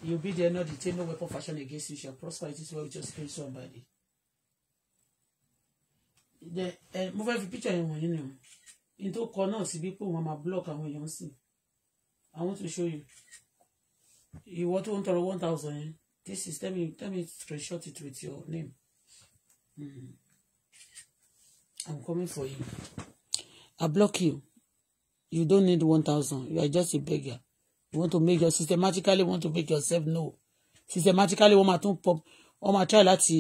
You'll be there, not detained, no weapon fashioned against you shall prosper. It is well with your spirit, somebody. The, uh, eh, mo fẹ́ picture yẹn wọ̀nyí ni o. In tó kọ náà síbi pé wọ́n máa block àwọn èèyàn sí. I want to show you. You want ń tọrọ one thousand yẹn. This is tell me tell me screenshot it with your name. Mm. I'm coming for you. I block you. You don't need 1,000. You are just a beggar. You want to make your systematically want to make yourself know. Systematically, all my tún pop wọ́n máa try láti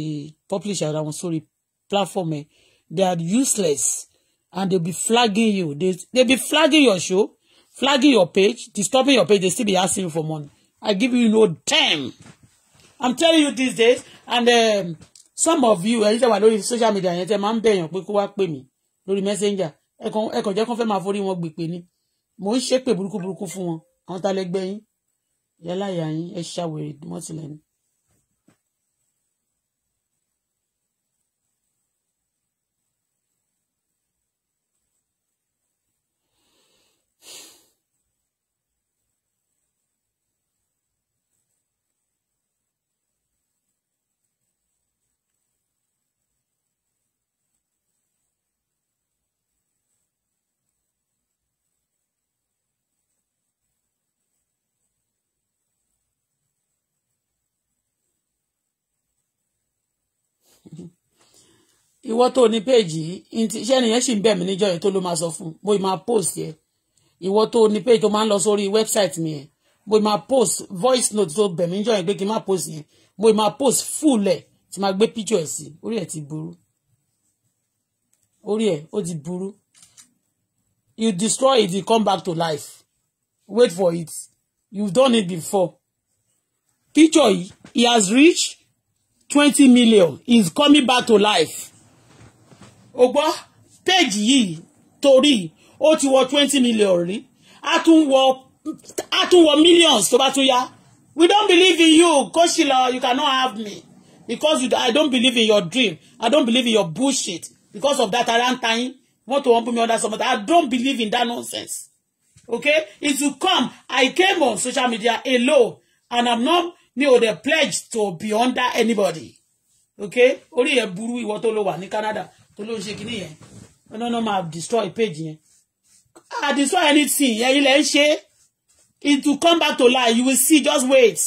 publish ara wọn sórí platform eh. They are useless and they'll be flagging you. They, they be flagging your show, flagging your page, disturbing your page. They still be asking you for money. I give you no time. I'm telling you these days and um, some of you ẹ̀yin tẹ́ wà lórí social media You tẹ́ máa ń bẹ̀yàn pé you wá pè mí lórí messenger ẹ kàn jẹ́ kán fẹ́ máa forí wọn gbèpè ni mò ń ṣépè burúkú burúkú fún wọn àwọn ta lẹgbẹ́ yín yálà yà yín ẹ ṣàwèrè mọ́tìlẹ́ni. <laughs> ìwọ tó ní péèjì iṣẹ́ nìyẹn sì ń bẹ̀ mí níjọ́ yẹn tó ló máa sọ fún bóyá máa post yẹ ìwọ tó ní péèjì tó máa ń lọ sórí website mi yẹn bóyá máa post voice note tó bẹ̀ mí níjọ́ yẹn pé kí n má post yẹn bóyá máa post full ẹ̀ tí máa gbé picture ẹ̀ sí orí ẹ̀ ti burú orí ẹ̀ ó ti burú you destroy it you come back to life wait for it you've done it before picture he has reached twenty million is coming back to life o gbọ́ péjì yìí torí ó ti wọ twenty million rí a tún wọ a millions tó bá tún yá we don't believe in you Koshila you cannot have me because you, I don't believe in your dream I don't believe in your bullshit because of that arantayin want to humble me under somebody I don't believe in that nonsense okay it will come I came on social media alone and I'm not mi ò dẹ̀ pledge to be under anybody okay orí yẹn burú ìwọ tó ló wà ní Canada tó ló ń ṣe kíní yẹn ọ̀nà náà máa destroy page yẹn i ah, destroy anything ẹ̀yin lẹ́ ń ṣe it will come back to life you will see just wait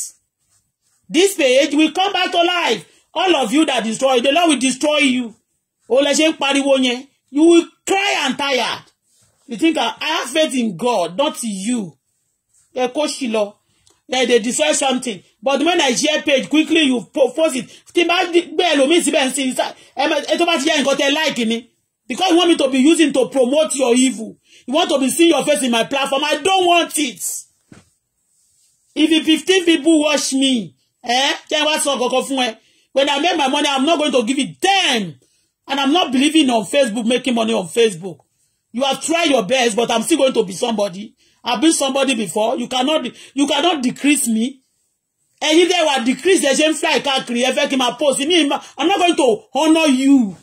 this page will come back to life all of you that destroy the Lord will destroy you o lẹ ṣe ń pariwo yẹn you will cry and tired you think i have faith in God not you ẹ kó sí lọ They they destroy something but when I share page quickly you post it tí bá gbé ẹlòmíì síbẹ̀ ń sin ẹ tó bá ti yẹ nǹkan tẹ like ni because you want me to be using to promote your evil you want to be seeing your face in my platform I don't want it if fifteen people watch me eh when I make my money I'm not going to give it them and I'm not believing on Facebook making money on Facebook you have tried your best but I'm still going to be somebody I've been somebody before. You cannot you cannot decrease me. Ẹ̀yin dẹ̀ wà decrease ẹ ṣe ń fly káàkiri ẹ fẹ́ kí n máa post me I'm not going to honor you.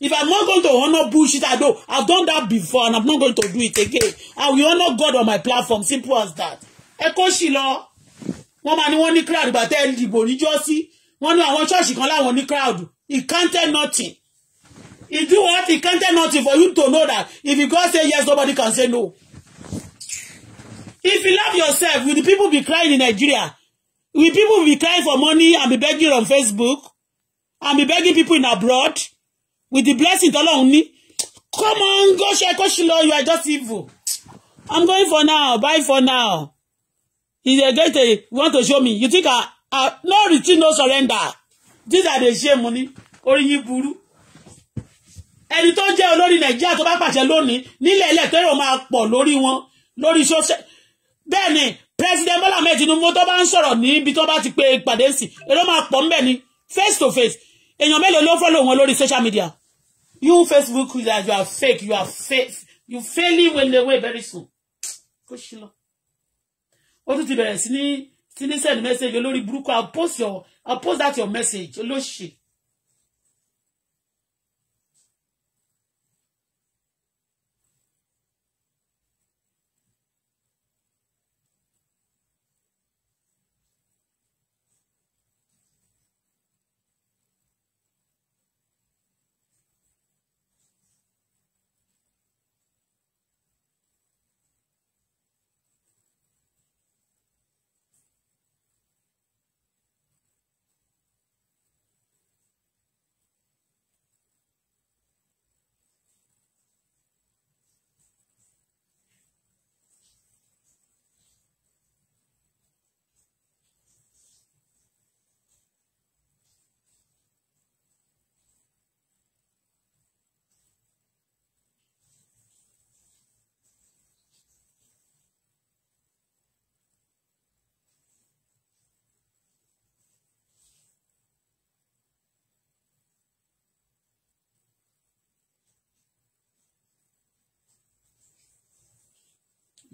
If I'm not going to honor bullshit I do I've done that before and I'm not going to do it again. I will honor God on my platform simple as that. Ẹ Shilo, sì lọ. Wọ́n máa ní wọ́n ní crowd ìgbà tẹ́ ẹ dìbò níjọ́ sí. church, ní can't ṣọ́ọ̀ṣì kan láwọn ní crowd. It nothing. He do what? He can't tell nothing for you to know that if you go say yes nobody can say no. If you love yourself, will the people be crying in Nigeria? Will people be crying for money and be begging on Facebook? And be begging people in abroad? With the blessing Ọlọ́run ni? Come on, go share, go shilo, you are just evil. I'm going for now, bye for now. If you get a, want to show me, you think I, I no retreat, no surrender. These are the share money. Orí yín burú. Ẹni tó jẹ́ olórí Nàìjíríà tó bá pàṣẹ lónìí nílẹ̀ ilẹ̀ tẹ́rọ máa pọ̀ lórí wọn lórí social bẹ́ẹ̀ ni president Bọ́lá Ahmed Tinubu tó bá ń sọ̀rọ̀ níbi tó bá ti pe ìpàdé sí èrò máa pọ̀ ńbẹ̀ ni face to face èèyàn mélòó ló fọ́lọ̀ wọn lórí social media you Facebook that you are fake you are fake you failing well away very soon kó ṣe lọ ó tún ti bẹ̀rẹ̀ sí ní sí ní send message olórí burúkú i post your i post that your message olóṣèlú.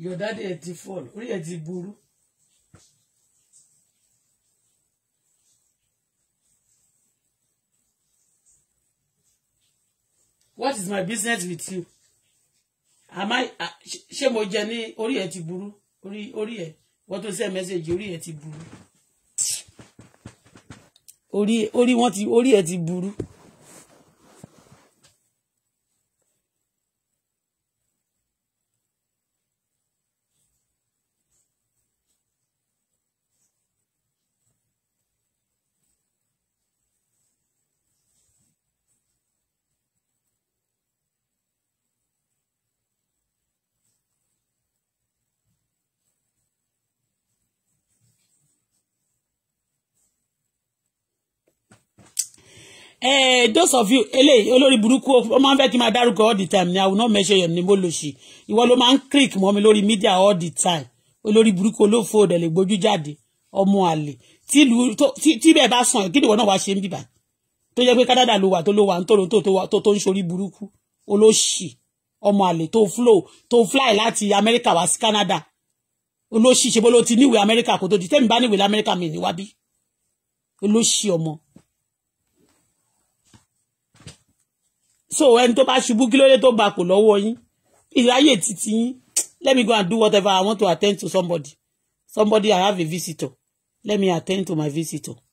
your daddy ẹ ti fall orí ẹ ti burú. what is my business with you am i ṣé mo jẹ ní orí ẹ ti burú orí orí ẹ wọ́n tó sẹ́ mẹ́sẹ̀gì orí ẹ ti burú orí orí wọ́n ti orí ẹ ti burú. eh, those of you eléyìí olórí burúkú ó máa ń fẹ́ kí n máa dárúkọ all the time ni i will not mention your name olóṣì ìwọ ló máa ń click mọ́ mi lórí media all the time olórí burúkú olófo ọ̀dẹ̀ lè gbójú jáde ọmọ àlè tí bẹ́ẹ̀ bá sàn kí nìwọ náà wá ṣe ń bìbà tó jẹ́ pé Canada ló wà tó ló wà ń tòrò tó tó ń ṣorí burúkú olóṣì ọmọ àlè tó flow tó fly láti Amẹ́ríkà wá sí Canada olóṣì ṣe bó ló ti níwèé Amẹ́ríkà kó tó di tẹ́mi bá níwèé lamẹ́ríkà mi níwábí olóṣì ọmọ so ẹni tó bá ṣubú kí ló dé tó gbà kò lọ́wọ́ yín ìráyè títí yín let me go and do whatever i want to attend to somebody somebody i have a visitor let me attend to my visitor